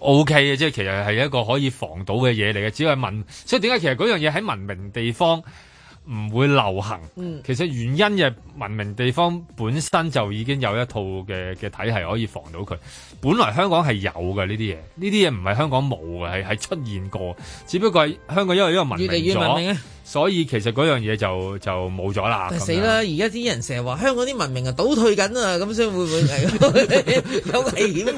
O K 嘅，即係 其實係一個可以防到嘅嘢嚟嘅，只要民。所以點解其實嗰樣嘢喺文明地方？唔會流行，其實原因嘅係文明地方本身就已經有一套嘅嘅體系可以防到佢。本來香港係有嘅呢啲嘢，呢啲嘢唔係香港冇嘅，係係出現過，只不過係香港因為因為文明咗，越嚟越文明，所以其實嗰樣嘢就就冇咗啦。死啦！而家啲人成日話香港啲文明啊倒退緊啊，咁所以會唔會係有危險？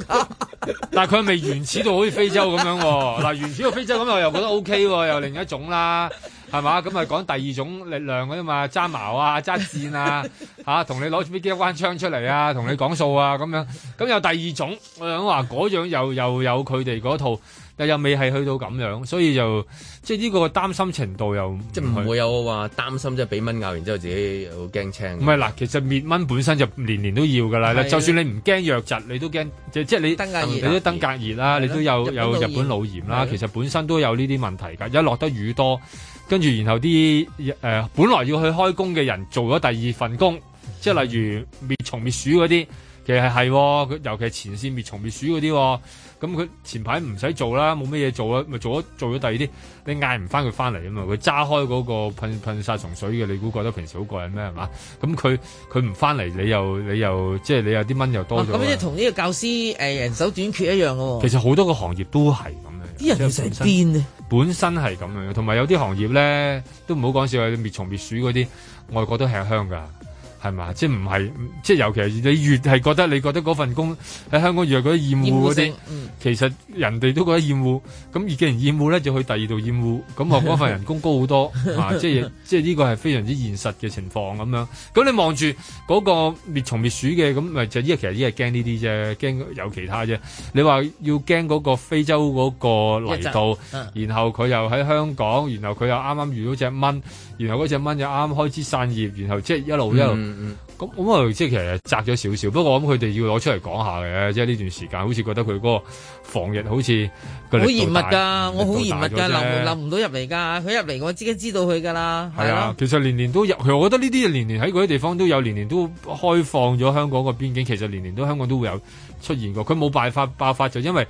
但係佢未原始到好似非洲咁樣嗱，原始到非洲咁樣又又覺得 OK，又另一種啦。係嘛？咁咪講第二種力量嗰啲嘛，揸矛啊，揸箭啊，嚇同、 啊、你攞住啲機關槍出嚟啊，同 你講數啊咁樣。咁有第二種，我想話嗰樣又又有佢哋嗰套，但又未係去到咁樣，所以就即係呢個擔心程度又即係唔會有話擔心，即係俾蚊咬，然之後自己好驚青。唔係嗱，其實滅蚊本身就年年都要㗎啦。的就算你唔驚瘧疾，你都驚即係即係你登革，你都登，登革熱啦，你都有有日本腦炎啦。的其實本身都有呢啲問題㗎。一落得雨多。跟住，然後啲誒、呃、本來要去開工嘅人做咗第二份工，即係例如滅蟲滅鼠嗰啲，其實係、哦、尤其前線滅蟲滅鼠嗰啲，咁、嗯、佢前排唔使做啦，冇乜嘢做啦，咪做咗做咗第二啲，你嗌唔翻佢翻嚟啊嘛，佢揸開嗰、嗰個噴噴殺蟲水嘅，你估覺得平時好過癮咩？係嘛？咁佢佢唔翻嚟，你又你又即係你有啲蚊又多咗。咁即同呢個教師誒、呃、人手短缺一樣喎、哦。其實好多個行業都係。啲人要成日癲，本身係咁樣，同埋有啲行業咧都唔好講笑，滅蟲滅鼠嗰啲，外國都吃香噶。係嘛？即係唔係？即係尤其係你越係覺得你覺得嗰份工喺香港越係覺得厭惡嗰啲，嗯、其實人哋都覺得厭惡。咁而既然厭惡咧，就去第二度厭惡。咁何況份人工高好多、 啊、即係即係呢個係非常之現實嘅情況咁樣。咁你望住嗰個滅蟲滅鼠嘅，咁咪就依家其實依係驚呢啲啫，驚有其他啫。你話要驚嗰個非洲嗰個嚟到，嗯、然後佢又喺香港，然後佢又啱啱遇到隻蚊，然後嗰隻蚊又啱啱開始散葉，然後即係一路一路、嗯。嗯，咁咁啊，即係其實窄咗少少，不過我諗佢哋要攞出嚟講下嘅，即係呢段時間，好似覺得佢嗰個防疫好似好嚴密噶，我好嚴密噶，留留唔到入嚟噶，佢入嚟我即刻知道佢噶啦，係咯、啊。啊、其實年年都入，其實我覺得呢啲年年喺嗰啲地方都有，年年都開放咗香港個邊境，其實年年都香港都會有出現過，佢冇辦法爆發就因為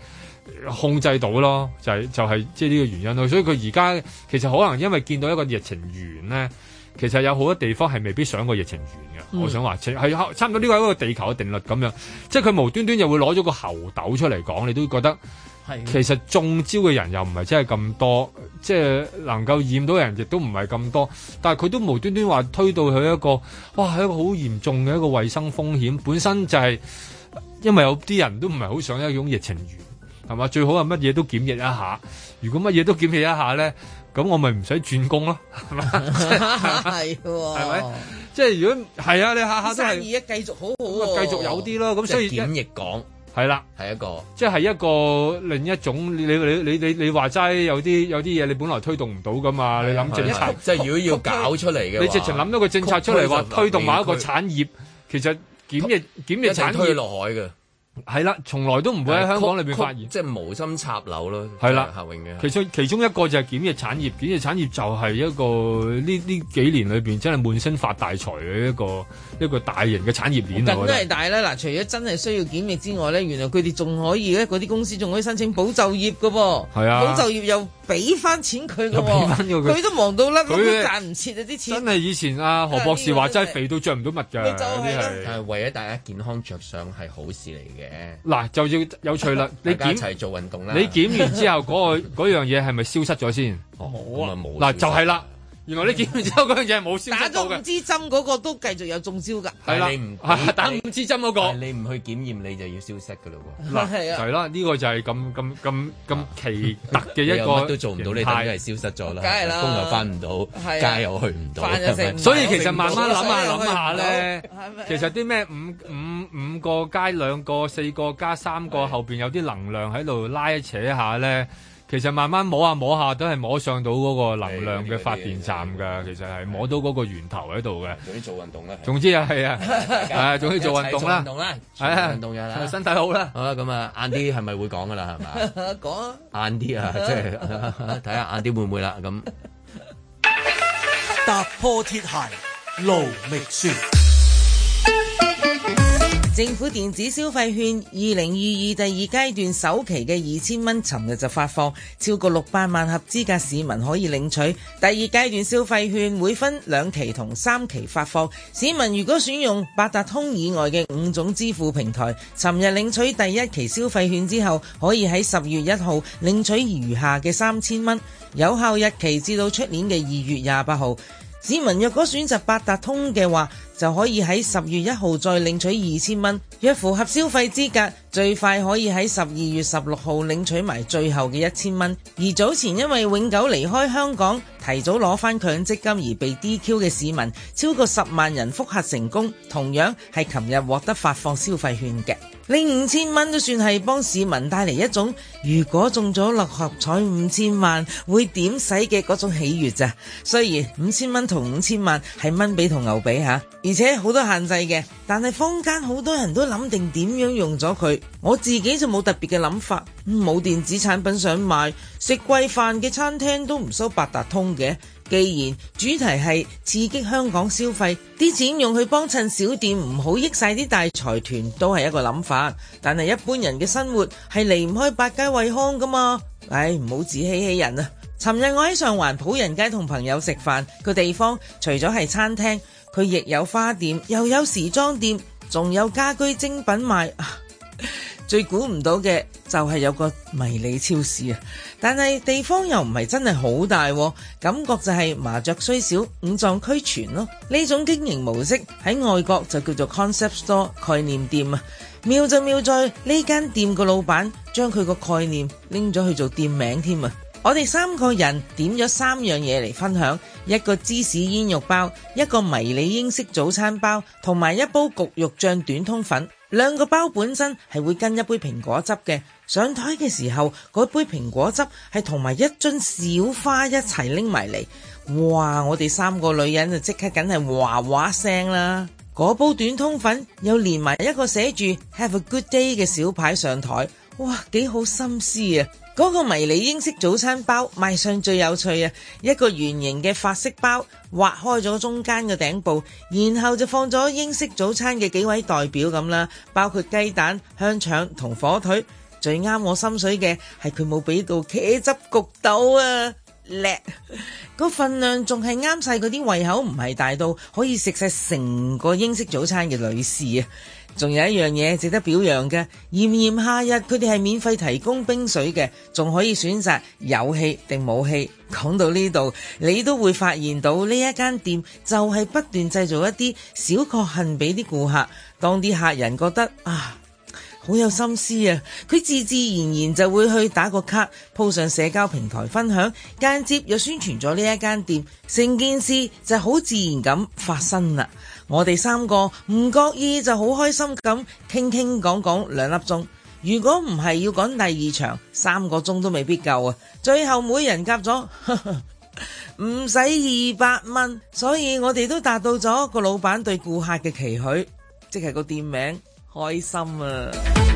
控制到咯，就係、是、就係即係呢個原因咯，所以佢而家其實可能因為見到一個疫情完咧，其實有好多地方係未必想個疫情完。我想話，係差唔多呢個係一個地球嘅定律咁樣，即係佢無端端又會攞咗個喉豆出嚟講，你都覺得其實中招嘅人又唔係真係咁多，即係能夠染到人亦都唔係咁多，但係佢都無端端話推到佢一個，哇係一個好嚴重嘅一個衞生風險，本身就係因為有啲人都唔係好想有一種疫情源，係嘛？最好係乜嘢都檢疫一下。如果乜嘢都檢疫一下呢。咁我咪唔使轉工咯 是吧、 嗯，係咪？係喎，係咪？即係如果係啊，你下下都係生意啊，繼續好好喎，繼續有啲咯。咁所以檢疫講係啦，係、啊、一個，即係一個另一種。你你你你你話齋有啲有啲嘢，你本來推動唔到噶嘛？你諗政策，即係如果要搞出嚟嘅，你直情諗到個政策出嚟話推，推動某一個產業，區其實檢疫檢疫產業推落海嘅。係啦，從來都唔會喺香港裏邊發現，即係無心插柳咯。係啦的，夏永嘅。的其中其中一個就係檢疫產業，檢疫產業就係一個呢呢幾年裏邊真係悶聲發大財嘅一個一個大型嘅產業鏈。咁梗係大啦，嗱，除咗真係需要檢疫之外咧，原來佢哋仲可以咧，嗰啲公司仲可以申請保就業嘅噃。係啊的，保就業又。俾翻錢佢個，佢都忙到甩，佢都賺唔切啊啲錢。真係以前啊何博士話真係肥到着唔到襪噶，有啲係。係為咗大家健康着想係好事嚟嘅。嗱就要有趣啦，你一齊做運動啦，你檢完之後嗰個樣嘢係咪消失咗先？冇啊，嗱就係啦。原來你檢完之後嗰樣嘢冇消失嘅，打五支針嗰個都繼續有中招㗎。係啦，打五支針嗰個，你唔去檢驗你就要消失㗎嘞喎。嗱係啦，呢個就係咁咁咁咁奇特嘅一個，都做唔到，你但係消失咗啦，工又翻唔到，街又去唔到，所以其實慢慢諗下諗下咧，其實啲咩五五五個加兩個四個加三個後邊有啲能量喺度拉扯一下咧。其實慢慢摸下摸下都係摸上到嗰個能量嘅發電站噶，其實係摸到嗰個源頭喺度嘅。仲要做運動啦、 啊，總之又係啊，係仲要做運動啦，係啊，運動身體好啦。好啦，咁啊晏啲係咪會講噶啦？係嘛 吧，講晏啲啊，即係睇下晏啲，啊就是、會唔會啦。咁 踏破鐵鞋路未熟。政府電子消費券二零二二第二階段首期嘅二千蚊，尋日就發放，超過六百萬合資格市民可以領取。第二階段消費券會分兩期同三期發放，市民如果選用八達通以外嘅五種支付平台，尋日領取第一期消費券之後，可以喺十月一號領取餘下嘅三千蚊，有效日期至到出年嘅二月廿八號。市民若果選擇八達通嘅話，就可以喺十月一號再領取二千蚊。若符合消費資格，最快可以喺十二月十六號領取埋最後嘅一千蚊。而早前因為永久離開香港，提早攞返強積金而被 DQ 嘅市民，超過十萬人覆核成功，同樣係琴日獲得發放消費券嘅。呢五千蚊都算係幫市民帶嚟一種，如果中咗六合彩五千萬會點使嘅嗰種喜悅咋？雖然五千蚊同五千萬係蚊髀同牛髀吓、啊，而且好多限制嘅，但係坊間好多人都諗定點樣用咗佢，我自己就冇特別嘅諗法，冇電子產品想買，食貴飯嘅餐廳都唔收八達通嘅。既然主題係刺激香港消費，啲錢用去幫襯小店，唔好益晒啲大財團，都係一個諗法。但係一般人嘅生活係離唔開百佳惠康㗎嘛。唉，唔好自欺欺人啊！尋日我喺上環普仁街同朋友食飯，個地方除咗係餐廳，佢亦有花店，又有時裝店，仲有家居精品賣。 最估唔到嘅就係有個迷你超市啊！但係地方又唔係真係好大，感覺就係麻雀雖小，五臟俱全咯。呢種經營模式喺外國就叫做 Concept Store 概念店啊！妙就妙在呢間店個老闆將佢個概念拎咗去做店名添啊！我哋三個人點咗三樣嘢嚟分享：一個芝士煙肉包，一個迷你英式早餐包，同埋一煲焗肉醬短通粉。兩個包本身係會跟一杯蘋果汁嘅，上台嘅時候，嗰杯蘋果汁係同埋一樽小花一齊拎埋嚟。哇！我哋三個女人就即刻梗係嘩嘩聲啦。嗰煲短通粉又連埋一個寫住 Have a good day 嘅小牌上台。哇！幾好心思啊！嗰個迷你英式早餐包賣相最有趣啊！一個圓形嘅法式包，挖開咗中間嘅頂部，然後就放咗英式早餐嘅幾位代表咁啦，包括雞蛋、香腸同火腿。最啱我心水嘅係佢冇俾到茄汁焗豆啊，叻！個 份量仲係啱晒，嗰啲胃口唔係大到可以食晒成個英式早餐嘅女士啊！仲有一樣嘢值得表揚嘅，炎炎夏日佢哋係免費提供冰水嘅，仲可以選擇有氣定冇氣。講到呢度，你都會發現到呢一間店就係不斷製造一啲小確幸俾啲顧客，當啲客人覺得啊好有心思啊，佢自自然然就會去打個卡，鋪上社交平台分享，間接又宣傳咗呢一間店，成件事就好自然咁發生啦。我哋三個唔覺意就好開心咁傾傾講講兩粒鐘，如果唔係要趕第二場，三個鐘都未必夠啊！最後每人夾咗唔使二百蚊，所以我哋都達到咗個老闆對顧客嘅期許，即係個店名開心啊！